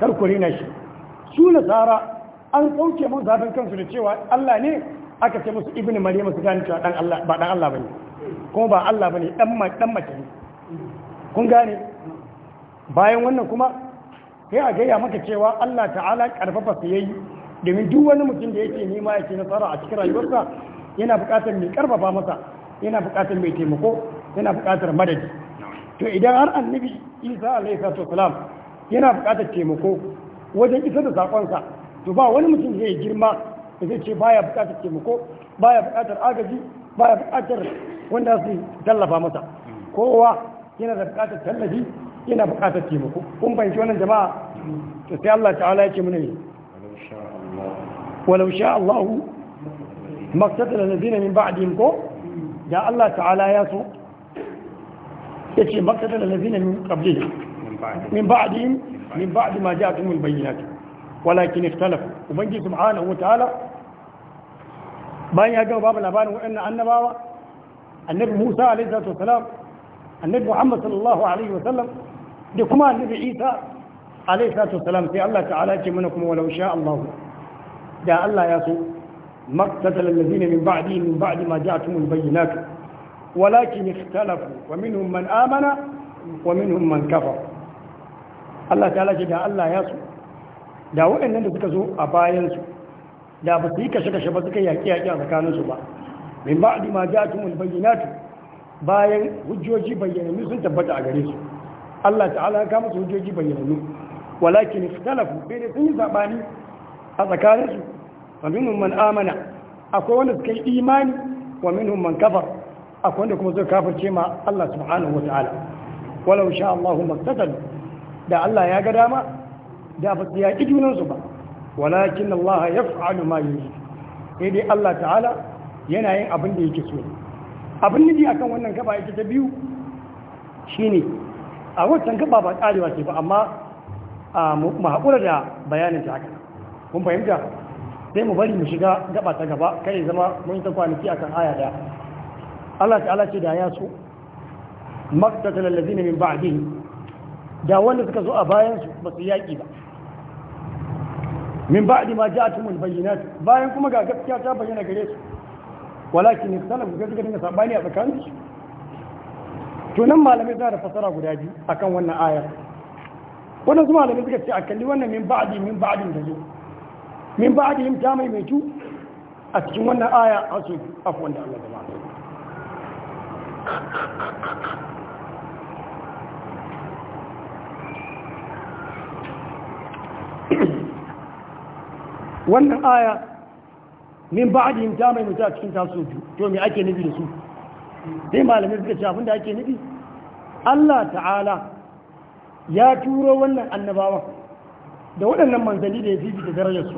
kar ku rena shi su nasara an kauce mun zafin kansu da cewa allah ne aka ce musu ibini maryam su gani cewa ba dan Allah bane kuma ba Allah bane dan dan mace ne kun gane bayan wannan kuma sai a gaya maka cewa Allah ta'ala karfafa su yayi domin duk wani mutum da yake nema yake nasara a cikin rayuwarsa yana buƙatar mai karfafa masa yana buƙatar mai taimako yana buƙatar madadi to idan har annabi Isa alayhi salatu wasalam yana buƙatar taimako wajen isar da sakonsa to ba wani mutum zai girma da zai ce baya bukatar taimako baya bukatar agaji baya bukatar wanda su tallafa masa kowa yana da bukatar tallafi yana bukatar taimako kun fahimci wannan jama'a to sai Allah ta'ala ya ce mana ne walau sha Allah maktatar da zina min ba'dihim ko da Allah ta'ala ya so yace maktatar da zina min qablihim min ba'dihim min ba'di ma ja'atumul bayyinatu ولكن اختلف وبنجي سبحانه وتعالى باي هاجو باب الابان وان أن بابا النبي موسى عليه الصلاة والسلام النبي محمد صلى الله عليه وسلم لكما النبي عيسى عليه الصلاة والسلام في الله تعالى منكم ولو شاء الله جاء الله يسوع مقتتل الذين من بعدي من بعد ما جاءتم البينات ولكن اختلفوا ومنهم من آمن ومنهم من كفر الله تعالى جاء الله يسوع da waɗannan da suka zo a bayansu da ba su yi kashe-kashe ba suka yaƙi yaƙi a tsakaninsu ba min ba a ma ja tumul bayan hujjoji bayyanannu sun tabbata a gare su Allah ta'ala ya kama su hujjoji bayyanannu walakin talafu bai da sun yi zaɓani a tsakaninsu wa minhum man amana akwai wanda suka yi imani wa minhum man kafar akwai wanda kuma suka kafirce ma Allah subhanahu wa ta'ala walau sha Allahu maktatal da Allah ya ga dama da ba su yaƙi junansu ba walakin Allah ya fa'alu ma yuri sai dai Allah ta'ala yana yin abin da yake so abin da yake akan wannan gaba ita ta biyu shine a wannan gaba ba karewa ce ba amma mu haƙura da bayanin ta haka Mun fahimta sai mu bari mu shiga gaba ta gaba kai zama mun ta kwanaki akan aya da Allah ta'ala ce da ya so maktatal ladina min ba'dihi da wanda suka zo a bayan su ba su yaki ba min ba'di ma ji a ja'atumul bayyinat bayan kuma ga gaskiya ta bayyana gare su walakin ikhtalafu ga dinga sabani a tsakanin su to nan malamai za da fasara guda biyu akan wannan aya wannan kuma malamai suka ce a kalli wannan min ba'di min ba'din da zo min ba'dihim ta mai mai a cikin wannan aya a su afwan da Allah gaba Thank you. wannan aya min ba'dihim ta mai mutu a cikin tasu to me ake nufi da su dai malamai suka ce abinda ake nufi Allah ta'ala ya turo wannan annabawa da waɗannan manzanni da ya fifita darajarsu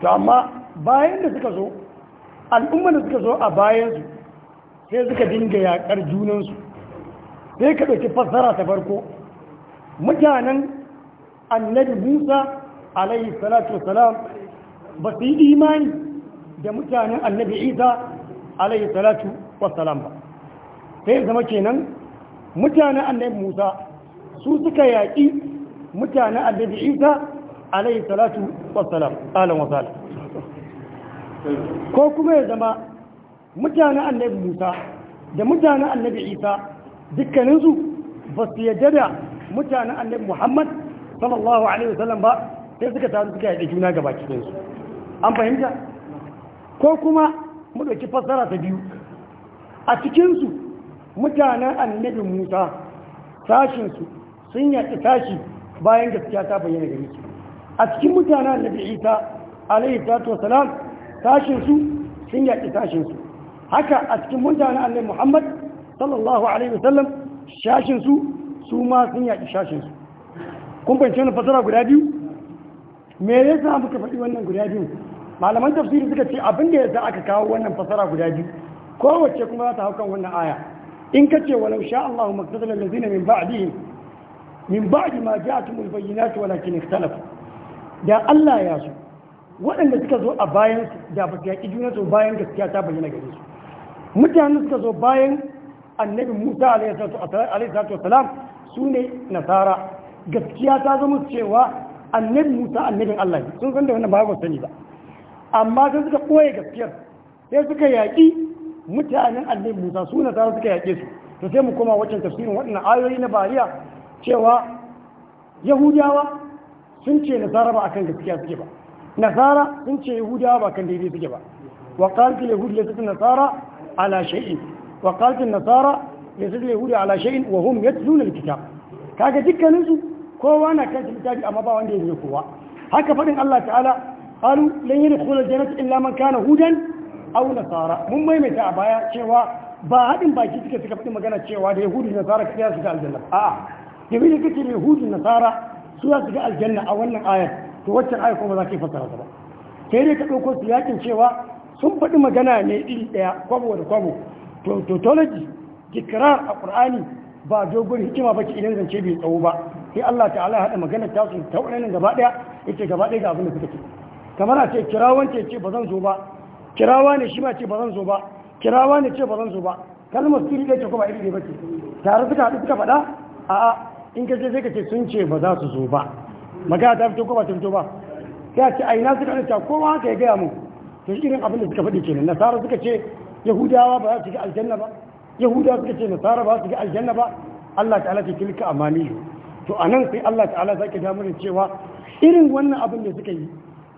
to amma bayan da suka zo al'umma da suka zo a bayansu sai suka dinga yaƙar junansu sai ka ɗauki fassara ta farko mutanen annabi musa alaihi salatu wasalam ba su yi imani da mutanen annabi isa alaihi salatu wasalam ba sai zama kenan mutanen annabi musa su suka yaƙi mutanen annabi isa alaihi salatu wasalam alam wasala ko kuma ya zama mutanen annabi musa da mutanen annabi isa dukkaninsu ba su yadda da mutanen annabi muhammad sallallahu alaihi wasallam ba sai suka taru suka yaɗe juna baki ɗansu an fahimta ko kuma mu ɗauki fassara ta biyu a cikinsu mutanen annabi musa sashinsu sun yaɗi tashi bayan gaskiya ta bayyana gare su a cikin mutanen annabi isa alaihi salatu wasalam sashinsu sun yaɗi sashinsu haka a cikin mutanen annabi muhammad sallallahu alaihi wasallam sashinsu su ma sun shashin sashinsu kun fahimci wani fasara guda biyu me ya sa muka faɗi wannan guda biyu malaman tafsiri suka ce abin da sa aka kawo wannan fasara guda biyu kowace kuma za ta hau kan wannan aya in ka ce walau sha Allah maktasar lalazina min ba'dihim min ba'di ma ja'atumul bayyinatu walakin ikhtalafu da Allah ya so waɗanda suka zo a bayan da ba ya juna so bayan gaskiya ta bayyana gare su mutanen suka zo bayan annabi Musa alaihi salatu wasalam su ne nasara gaskiya ta zama cewa annabi Musa annabin Allah ne sun san da wannan ba sani ba amma sai suka koye gaskiyar sai suka yaƙi mutanen annabi Musa su na tare suka yaƙe su to sai mu koma wancan tafsirin waɗannan ayoyi na bariya cewa Yahudawa sun ce nasara ba akan gaskiya suke ba nasara sun ce Yahudawa ba akan daidai suke ba wa qaltil yahud laysat nasara ala shay'in wa qaltil nasara laysat yahud ala shay'in wa hum yatluna alkitab kaga dukkanin su kowa na kan littafi amma ba wanda ya yi kowa haka faɗin Allah ta'ala qalu lan da jannata illa man kana hudan au nasara mun maimaita a baya cewa ba haɗin baki suka suka faɗi magana cewa da yahudu da nasara kaɗai su ga aljanna a'a yabi da kace yahudu nasara su za su ga aljanna a wannan ayar to waccan ayar kuma za ka yi fassara ta ba sai dai ka ɗauko su yakin cewa sun faɗi magana ne iri ɗaya kwabo da kwabo to tautology kikirar a ƙur'ani ba dogon hikima ba ki idan zance bai tsawo ba sai Allah ta'ala Ya haɗa magana ta su ta wani gaba ɗaya yake gaba ɗaya ga abin da kuka ce kamar a ce kirawan ce ce ba zan zo ba kirawa ne shi ma ce ba zan zo ba kirawa ne ce ba zan zo ba kalmar su iri ce kuma iri ne ba ce. tare suka haɗu suka faɗa a'a in ka ce sai ka ce sun ce ba za su zo ba magana ta fito ko ba ta fito ba sai a ce a ina suka ɗauka kowa haka ya gaya mu to irin abin da suka faɗi kenan nasara suka ce yahudawa ba za su ga aljanna ba yahudawa suka ce nasara ba su ga aljanna ba Allah ta'ala ce tilka amaniyu to a nan sai Allah ta'ala zaki damar cewa irin wannan abin da suka yi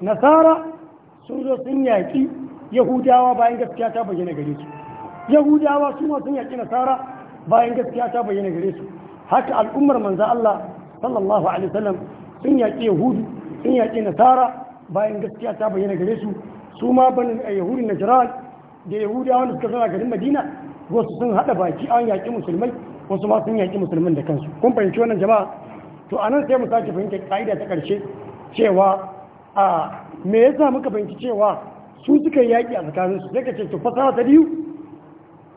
nasara sun zo sun yaƙi yahudawa bayan gaskiya ta bayyana gare su yahudawa su ma sun yaƙi nasara bayan gaskiya ta bayyana gare su haka al'ummar manzo Allah sallallahu alaihi wasallam sun yaƙi yahudu sun yaƙi nasara bayan gaskiya ta bayyana gare su su ma ban eh, yahudin najran da yahudawa da suka zauna garin madina wasu sun haɗa baki an yaƙi musulmai wasu ma sun yaƙi musulmin da kansu kun fahimci wannan jama'a to anan sai mu sake fahimta ka'ida ta ƙarshe cewa a me yasa muka fahimci cewa su suka yaƙi a tsakaninsu su ka ce to fasaha ta biyu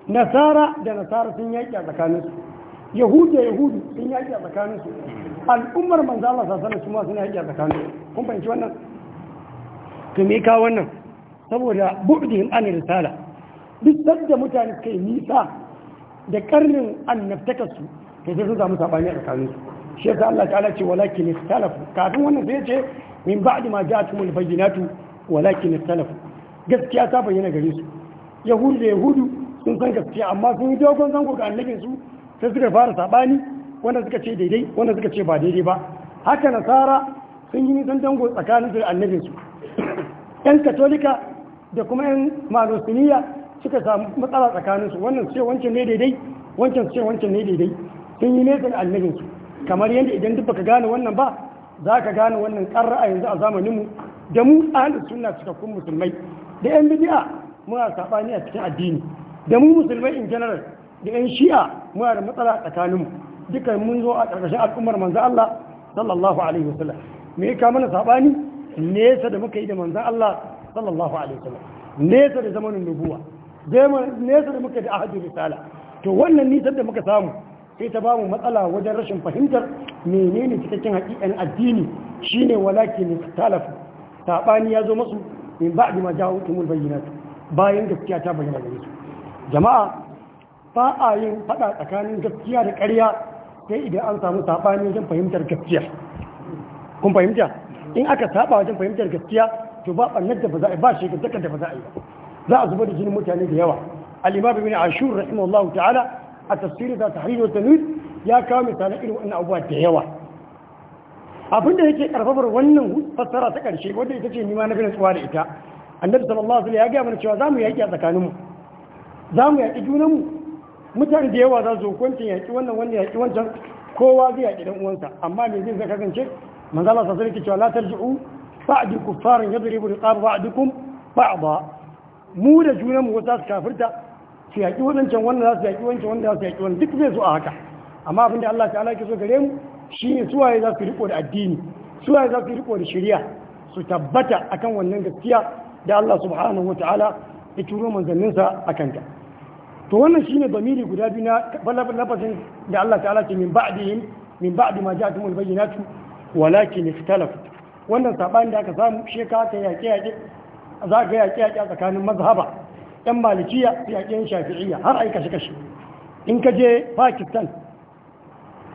nasara da nasara sun yaƙi a tsakaninsu yahudu da yahudu sun yaƙi a tsakaninsu al'ummar manzo Allah sallallahu su ma suna yaƙi a su kun fahimci wannan to me ka wannan saboda bu'dihim an risala duk da mutane kai nisa da karnin annabtakarsu ta sai sun samu sabani a tsakaninsu shi yasa Allah ta'ala ce walakin ikhtalafu kafin wannan sai ce min ba'di ma ja'atumul bayyinatu walakin ikhtalafu gaskiya ta bayyana gare su yahudu da yahudu sun san gaskiya amma sun yi dogon zango ga annabin su sai suka fara sabani wanda suka ce daidai wanda suka ce ba daidai ba haka nasara sun yi nisan dango tsakanin su da annabin su yan katolika da kuma yan malosiniya suka samu matsala tsakanin su wannan ce wancan ne daidai wancan ce wancan ne daidai sun yi nesa da annabin su kamar yadda idan duk baka gane wannan ba za ka gane wannan karra a yanzu a zamanin mu da mu ahlus sunna cikakkun musulmai da yan bid'a muna sabani a cikin addini da mu musulmai in general da yan shi'a muna da matsala tsakanin mu dukan mun zo a ƙarƙashin al'ummar manzo Allah sallallahu alaihi wasallam me ya mana sabani nesa da muka yi da manzan Allah sallallahu alaihi wasallam nesa da zamanin nubuwa nesa da muka da ahadu risala to wannan nisan da muka samu sai ta bamu matsala wajen rashin fahimtar menene cikakken hakikan addini shine walaki walakin talafu sabani ya zo masu min ba'di ma ja'ukumul bayyinat bayan gaskiya ta bayyana gare su jama'a ba a yin faɗa tsakanin gaskiya da ƙarya sai idan an samu sabani wajen fahimtar gaskiya kun fahimta in aka saba wajen fahimtar gaskiya to ba ɓannar da ba za a yi ba shi da ba za a yi ba za a zuba da jinin mutane da yawa al-imam ibn ashur rahimahullahu ta'ala a tafsiri da tahrir wa tanwir ya kawo misali irin wannan abubuwa da yawa abin da yake karfafar wannan fassara ta karshe wanda ita ce nima na bin tsuwa da ita annabi sallallahu alaihi wasallam ya ga mana cewa zamu yaki a tsakaninmu zamu yaki junanmu mutane da yawa za su hukunta yaki wannan wannan yaki wancan kowa zai yaki dan uwansa amma me zai zaka kance manzo Allah sallallahu alaihi wasallam ya ce la tarji'u ba'di kuffarin yadribu riqab ba'dikum ba'da mu da junan mu za su kafirta su yaƙi waɗancan wanda za su yaƙi wancan wanda za su yaƙi wanda duk zai so a haka amma abin da Allah ta'ala ke so gare mu shi shine suwaye za su riko da addini suwaye za su riko da shari'a su tabbata akan wannan gaskiya da Allah subhanahu wata'ala ya turo manzanninsa a kanta to wannan shine bamiri guda biyu na lafazin da Allah ta'ala alaƙi min ba'dihim min ba'di ma ja'atumul bayyinatu walakin ikhtalafu wannan saɓani da aka samu shekara ta yaƙe-yaƙe za ga yaƙe a tsakanin mazhaba yan malikiya da yaƙen shafi'iyya har yi kashe kashe in ka je pakistan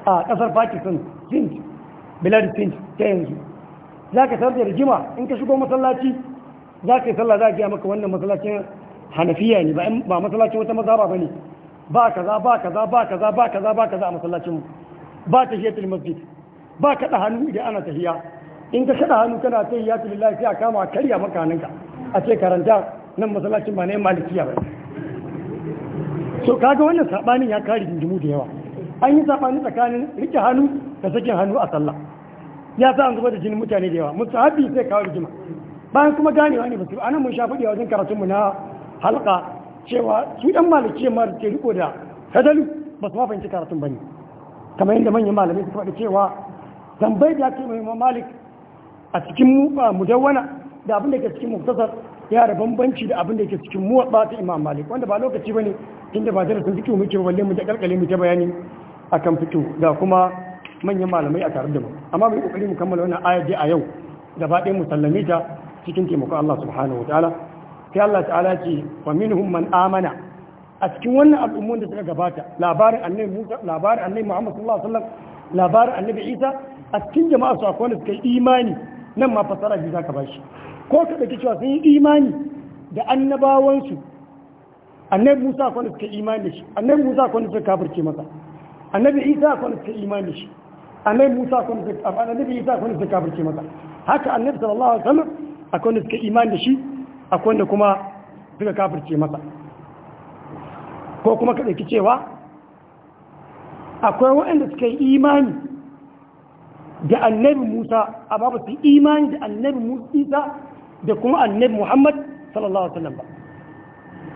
a ƙasar pakistan sind bilad sind ta yanzu za ka da rigima in ka shigo masallaci za ka yi sallah za a gaya maka wannan masallacin hanafiya ne ba masallacin wata mazhaba ba ne ba kaza ba kaza ba kaza ba kaza ba kaza a masallacin ba ta hiyatul masjid ba kaɗa hannu idan ana tafiya in ka kaɗa hannu kana ta hiyatul lillahi sai a kama karya maka hannunka a ce karanta nan masalacin ba na yin malikiya ba so kaga wannan saɓanin ya kari jinjimu da yawa an yi saɓani tsakanin rike hannu da sakin hannu a sallah ya sa an zuba da jinin mutane da yawa musu hafi sai kawo rigima bayan kuma ganewa ne basu anan mun shafi faɗi karatun mu na halka cewa su ɗan malikiya ma da ke riko da kadalu ba su ma karatun ba ne kamar yadda manyan malamai su faɗi cewa zambai da ake mai malik a cikin mu dawwana da abin da ke cikin muktasar yana da bambanci da abin da ke cikin muwatsa ta imam malik wanda ba lokaci ba ne, inda ba zai darasin fikihu muke balle mu ta kalkale mu ta bayani kan fito. da kuma manyan malamai a tare da mu amma mu yi kokari mu kammala wannan ayar a yau gaba ɗaya mu sallame ta cikin taimakon Allah subhanahu wa ta'ala sai Allah ta'ala ce wa minhum man amana a cikin wannan al'ummun da suka gabata labarin annabi Musa labarin annabi Muhammad sallallahu alaihi wasallam labarin annabi Isa a cikin jama'a su akwai wanda suka imani nan ma fasara biyu zaka bashi ko ka dauki cewa sun yi imani da annabawansu annabi Musa kwanda suka imani shi annabi Musa kwanda suka kafirce masa annabi Isa kwanda suka imani shi annabi Musa kwanda suka annabi Isa kwanda suka kafirce masa haka annabi sallallahu alaihi wasallam akwai suka imani shi akwai da kuma suka kafirce masa ko kuma ka dauki cewa akwai waɗanda suka yi imani da annabi Musa amma ba su imani da annabi Musa da kuma annabi Muhammad sallallahu alaihi wasallam ba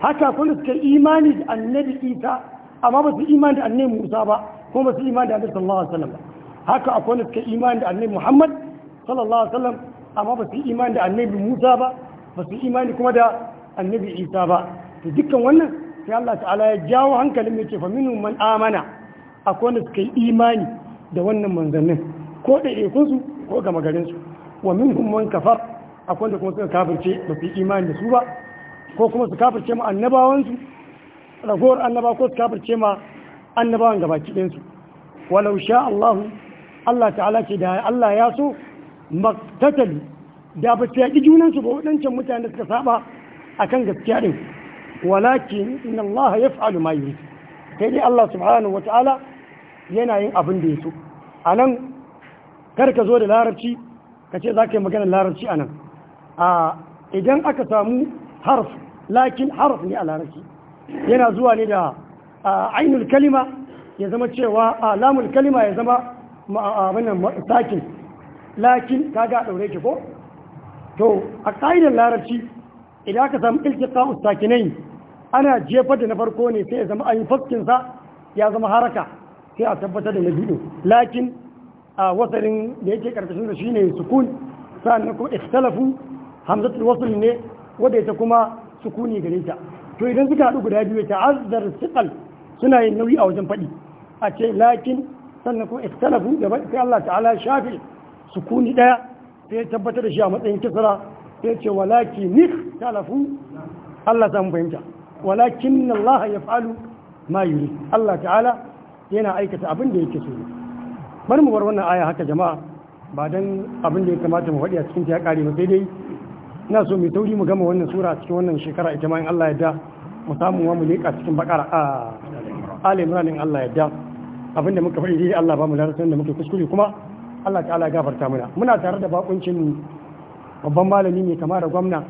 haka kuma suka imani da annabi Isa amma ba su imani da annabi Musa ba kuma ba su imani da annabi sallallahu alaihi wasallam ba haka akwai suka imani da annabi Muhammad sallallahu alaihi wasallam amma ba su imani da annabi Musa ba ba su imani kuma da annabi Isa ba to dukkan wannan sai Allah ta'ala ya jawo hankalin mai ce fa minhum man amana akwai suka imani da wannan manzannin ko ɗaiɗaikunsu ko gama garinsu wa min humman kafar akwai da kuma suka kafirce ba su imani da su ba ko kuma su kafirce ma annabawansu ragowar annaba ko su kafirce ma annabawan gaba kiɗinsu walau sha Allahu Allah ta'ala ke da Allah ya so maktatali da ba su yaƙi junansu ba waɗancan mutane da suka saba akan gaskiya ɗin walakin inna Allah ya fa'alu ma yuri sai dai Allah subhanahu wa ta'ala yana yin abin da ya so a nan kar ka zo da larabci ka ce za ka yi maganar larabci a nan idan aka samu harf lakin harf ne a larabci yana zuwa ne da ainul kalima ya zama cewa alamul kalima ya zama ma'abinan sakin lakin kaga ɗaure ki ko to a ƙa'idar larabci idan aka samu iltika ustakinai ana jefar da na farko ne sai ya zama an yi sa ya zama haraka sai a tabbatar da na biyu lakin a wasarin da yake karkashin da shine sukun sannan kuma ikhtalafu hamzatul wasl ne wadda ita kuma sukuni gare ta to idan suka haɗu guda biyu ta'azzar siqal suna yin nauyi a wajen faɗi a ce lakin sannan kuma ikhtalafu da sai Allah ta'ala shafi sukuni daya sai tabbatar da shi a matsayin kisra sai ce walakin ikhtalafu Allah ta fahimta walakin Allah ya fa'alu ma yuri Allah ta'ala yana aikata abin da yake so bari mu bar wannan aya haka jama'a ba dan abin da ya kamata mu faɗi a cikin ya kare ba sai dai ina so mu tauri mu gama wannan sura cikin wannan shekara ita ma in Allah ya da mu samu wa mu leƙa cikin bakara a Ali Imran in Allah ya da abin da muka faɗi dai Allah ba mu larabcin da muke kuskure kuma Allah ta'ala ya gafarta mana muna tare da bakuncin babban malami mai kama da gwamna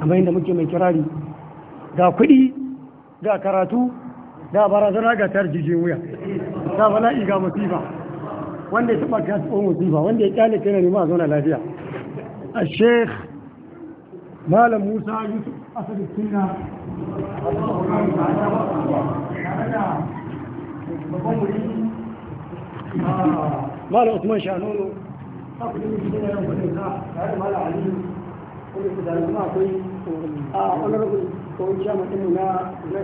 kamar yadda muke mai kirari ga kuɗi ga karatu ga barazana ga tarjijin wuya ga bala'i ga musiba wanda ya taba ka tsohon musiba wanda ya kyale kai ne ma zauna lafiya a sheikh malam musa yusuf asali sunna malam usman shanono a honorable ko chairman na na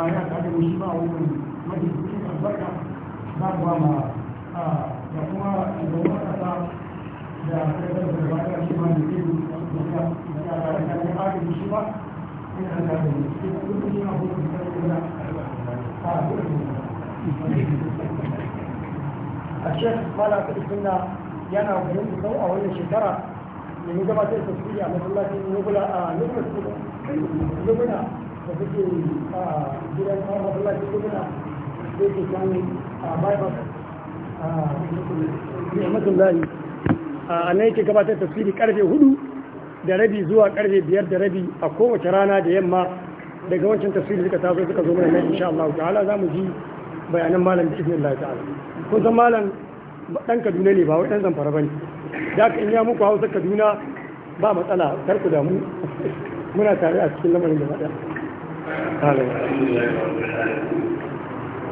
a ya ka da mushi ba wannan mai cikin albarka za mu ba ma da kuma shugaban kasa da kasar da ba ta shi ma da ke da da da ya ba da shi ba ina da da shi da kuma shi na hukumar da ke da a a shek mala kudi sunna yana gudun da a wannan shekara da ni gabatar da tafiya a masallacin nubula a nubula da suke a gidan masallacin nubula yake gabatar tasiri karfe hudu da rabi zuwa karfe biyar da rabi a kowace rana da yamma daga wancan tafsiri suka taso suka zo mana nan insha Allah ta'ala za mu ji bayanan malam da izinin Allah ta'ala kun san malam dan Kaduna ne ba wai dan Zamfara bane da ka in muku Hausa Kaduna ba matsala kar ku damu muna tare a cikin lamarin da ba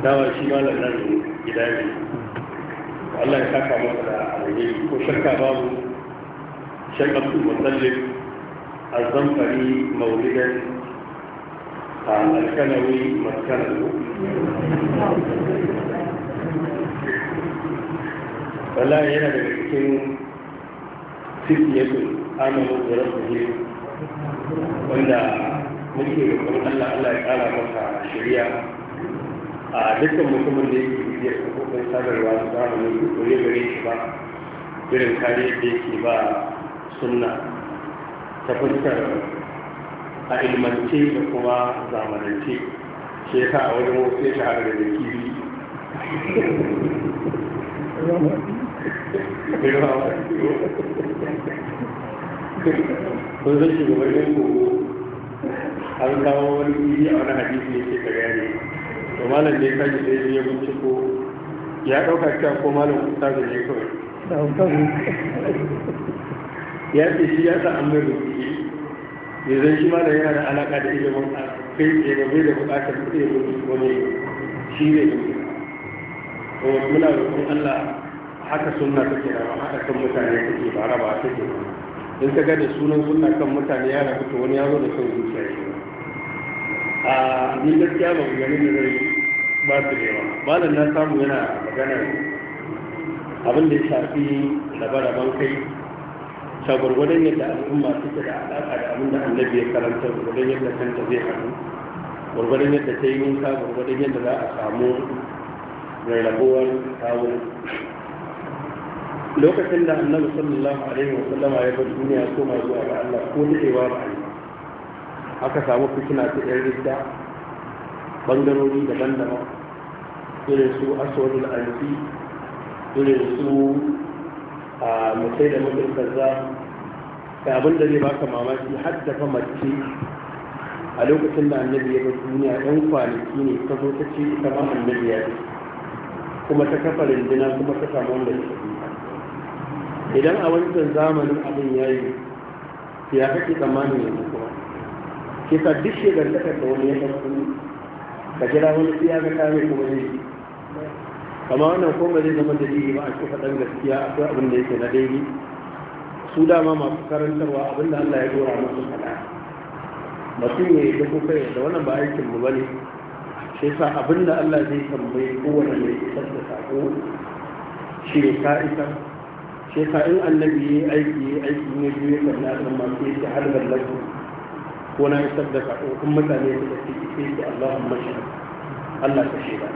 dawa shi malam nan gida ne Allah ya saka masa da alheri ko shakka babu shakka Abdul Muttalib azamfari maulidan الكلوي مسكنه Bala yana daga cikin fitiyatun amanu da rabbihi wanda muke roƙon Allah Allah ya ƙara masa shari'a a dukkan mutumin da yake bibiyar kafofin sadarwa da zamanin koyo gare shi ba irin kare da yake ba sunna ta fuskar a ilmance da kuma zamanance shi ya a wajen wasu ya shahara da kibi kun zai shugabannin kogo an kawo wani kibi a wani hadisi ya ce ka gane to malam da ya kaji sai ya ko ya ɗauka cewa ko malam ustazu ne kawai ya ce shi ya sa amma da rubuci ne zai shi malam yana da alaƙa da ilimin a kai ke ba bai da buƙatar kuɗi ko wani shi ne rubuci to muna roƙon Allah haka sunna take da haka kan mutane take ba raba take in ka ga da sunan sunna kan mutane yana fito wani ya zo da son zuciya a ni gaskiya ba gani da zai ba su da yawa malam na samu yana magana abin da ya shafi rabe kai ta gwargwadon yadda al'umma suke da alaƙa da abin da annabi ya karanta gwargwadon yadda kanta zai haɗu gwargwadon yadda ta yi nisa gwargwadon yadda za a samu mai rarrabuwar kawun lokacin da annabi sallallahu alaihi wa sallama ya bar duniya koma zuwa ga Allah ko daɗewa ba a yi aka samu fitina ta 'yan ridda bangarori daban-daban irin su aswadul alfi irin su a mutai da mutum kaza da abin da zai baka mamaki har da fa mace a lokacin da annabi ya bar duniya ɗan kwanaki ne ta zo ta ce ita ma annabi ya ce kuma ta kafa rindina kuma ta samu wanda ya ta idan a wancan zamanin abin ya yi ya kake tsammanin yanzu kuma ke sa duk shekartakar da wani ya ne ka jira wani siya ga kame kuma ne kama wannan ko zai zama jiri ba a cikin faɗan gaskiya akwai abin da yake na daidai su dama masu karantarwa abin da Allah ya dora musu faɗa mutum ya yi duk kai da wannan ba aikin mu bane shi yasa abin da Allah zai tambaye kowane mai isar da sako shi ne ka isar shi yasa in annabi ya yi aiki ya yi aiki ne biyu ya karɓi a kan masu yake har da lafiya ko na isar da sako in mutane suka ce ke ce Allahumma shahid Allah ka shaida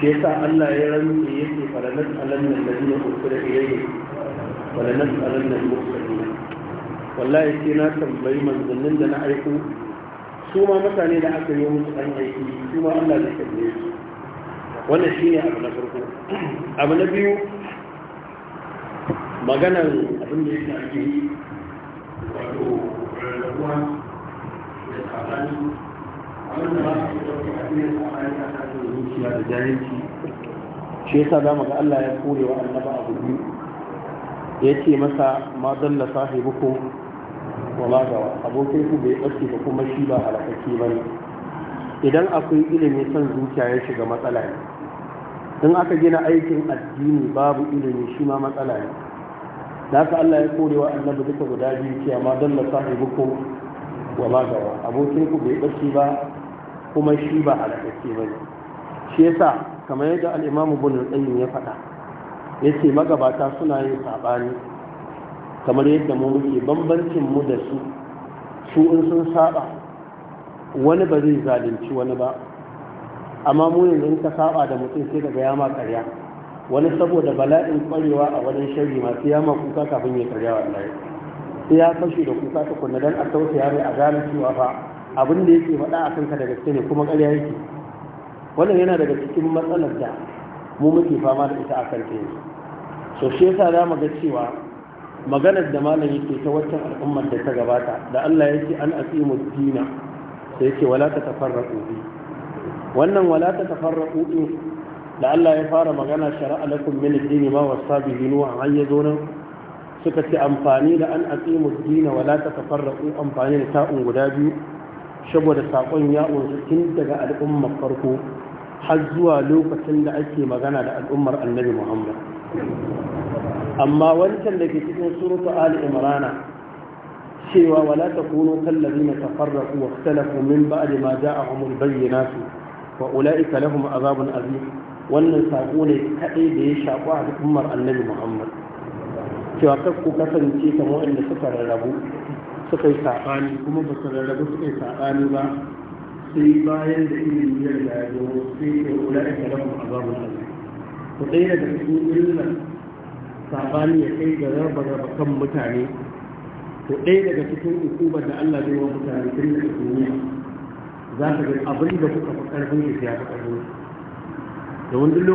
shi yasa Allah ya rantsi yake falalan alanna alladhina ursila ilayhi falalan alanna al-mursalin wallahi sai na tambayi manzannin da na aiko su ma mutane da aka yi musu dan aiki su ma Allah zai kalle su wannan shine abu na farko abu na biyu maganar abin da yake ake yi wato eh, da sabani wanda ba su ɗauki addinin sabani a kan zuciya da jahilci shi yasa za mu ga Allah ya kore wa annaba abu biyu ya ce masa ma dalla sahibukum wala gawa abokin ku bai ɓace ba kuma shi ba halakaki ba ne idan akwai ilimin son zuciya ya shiga matsala ne in aka gina aikin addini babu ilimi shi ma matsala ne da haka Allah ya korewa annabi duka guda biyu cewa ma dalla sahibukum wa ma abokin ku bai barci ba kuma shi ba a halakacce ba ne shi yasa kamar yadda al'imamu bin al ya faɗa yace magabata suna yin sabani kamar yadda mu muke bambancin mu da su su in sun saba wani ba zai zalunci wani ba amma mu yanzu in ka saba da mutum sai ka ya ma karya wani saboda bala'in kwarewa a wajen shari masu yama kuka kafin ya karya wallahi sai ya fashe da kuka kunna dan a tausaya mai a gane cewa fa abin da yake faɗa a kanka da gaske ne kuma ƙarya yake wannan yana daga cikin matsalar da mu muke fama da ita a kan yanzu so shi yasa za mu ga cewa maganar da malam yake ta waccan al'ummar da ta gabata da Allah yake an asimu dina sai yake wala ta tafarraqu bi wannan wala ta tafarraqu da Allah ya fara magana shara'a lakum min ad-din ma wasa bihi nuha an suka ce amfani da an aqimu dina wala tafarraku amfani da ta'un guda biyu saboda sakon ya unsu tun daga al'ummar farko har zuwa lokacin da ake magana da al'ummar annabi Muhammad amma wancan da ke cikin surutu ali imrana cewa wala takunu na tafarraqu wa ba'a min ba'di ma Umar Bayyana su, wa ulaika lahum azabun azim wannan sako ne kadai da ya shaƙo al'ummar annabi Muhammad cewa ku kasance kamar wanda suka rarrabu suka yi saɓani kuma ba su rarrabu suka yi saɓani ba sai bayan da ilimin ya riga ya zo sai ke kula da kalamu a babu nan ku ɗaya daga cikin illan saɓani ya kai ga raba raba kan mutane ku ɗaya daga cikin ukubar da Allah zai wa mutane tun yi duniya za ka ga abin da kuka fi ƙarfin shi ya fi ƙarfin da duk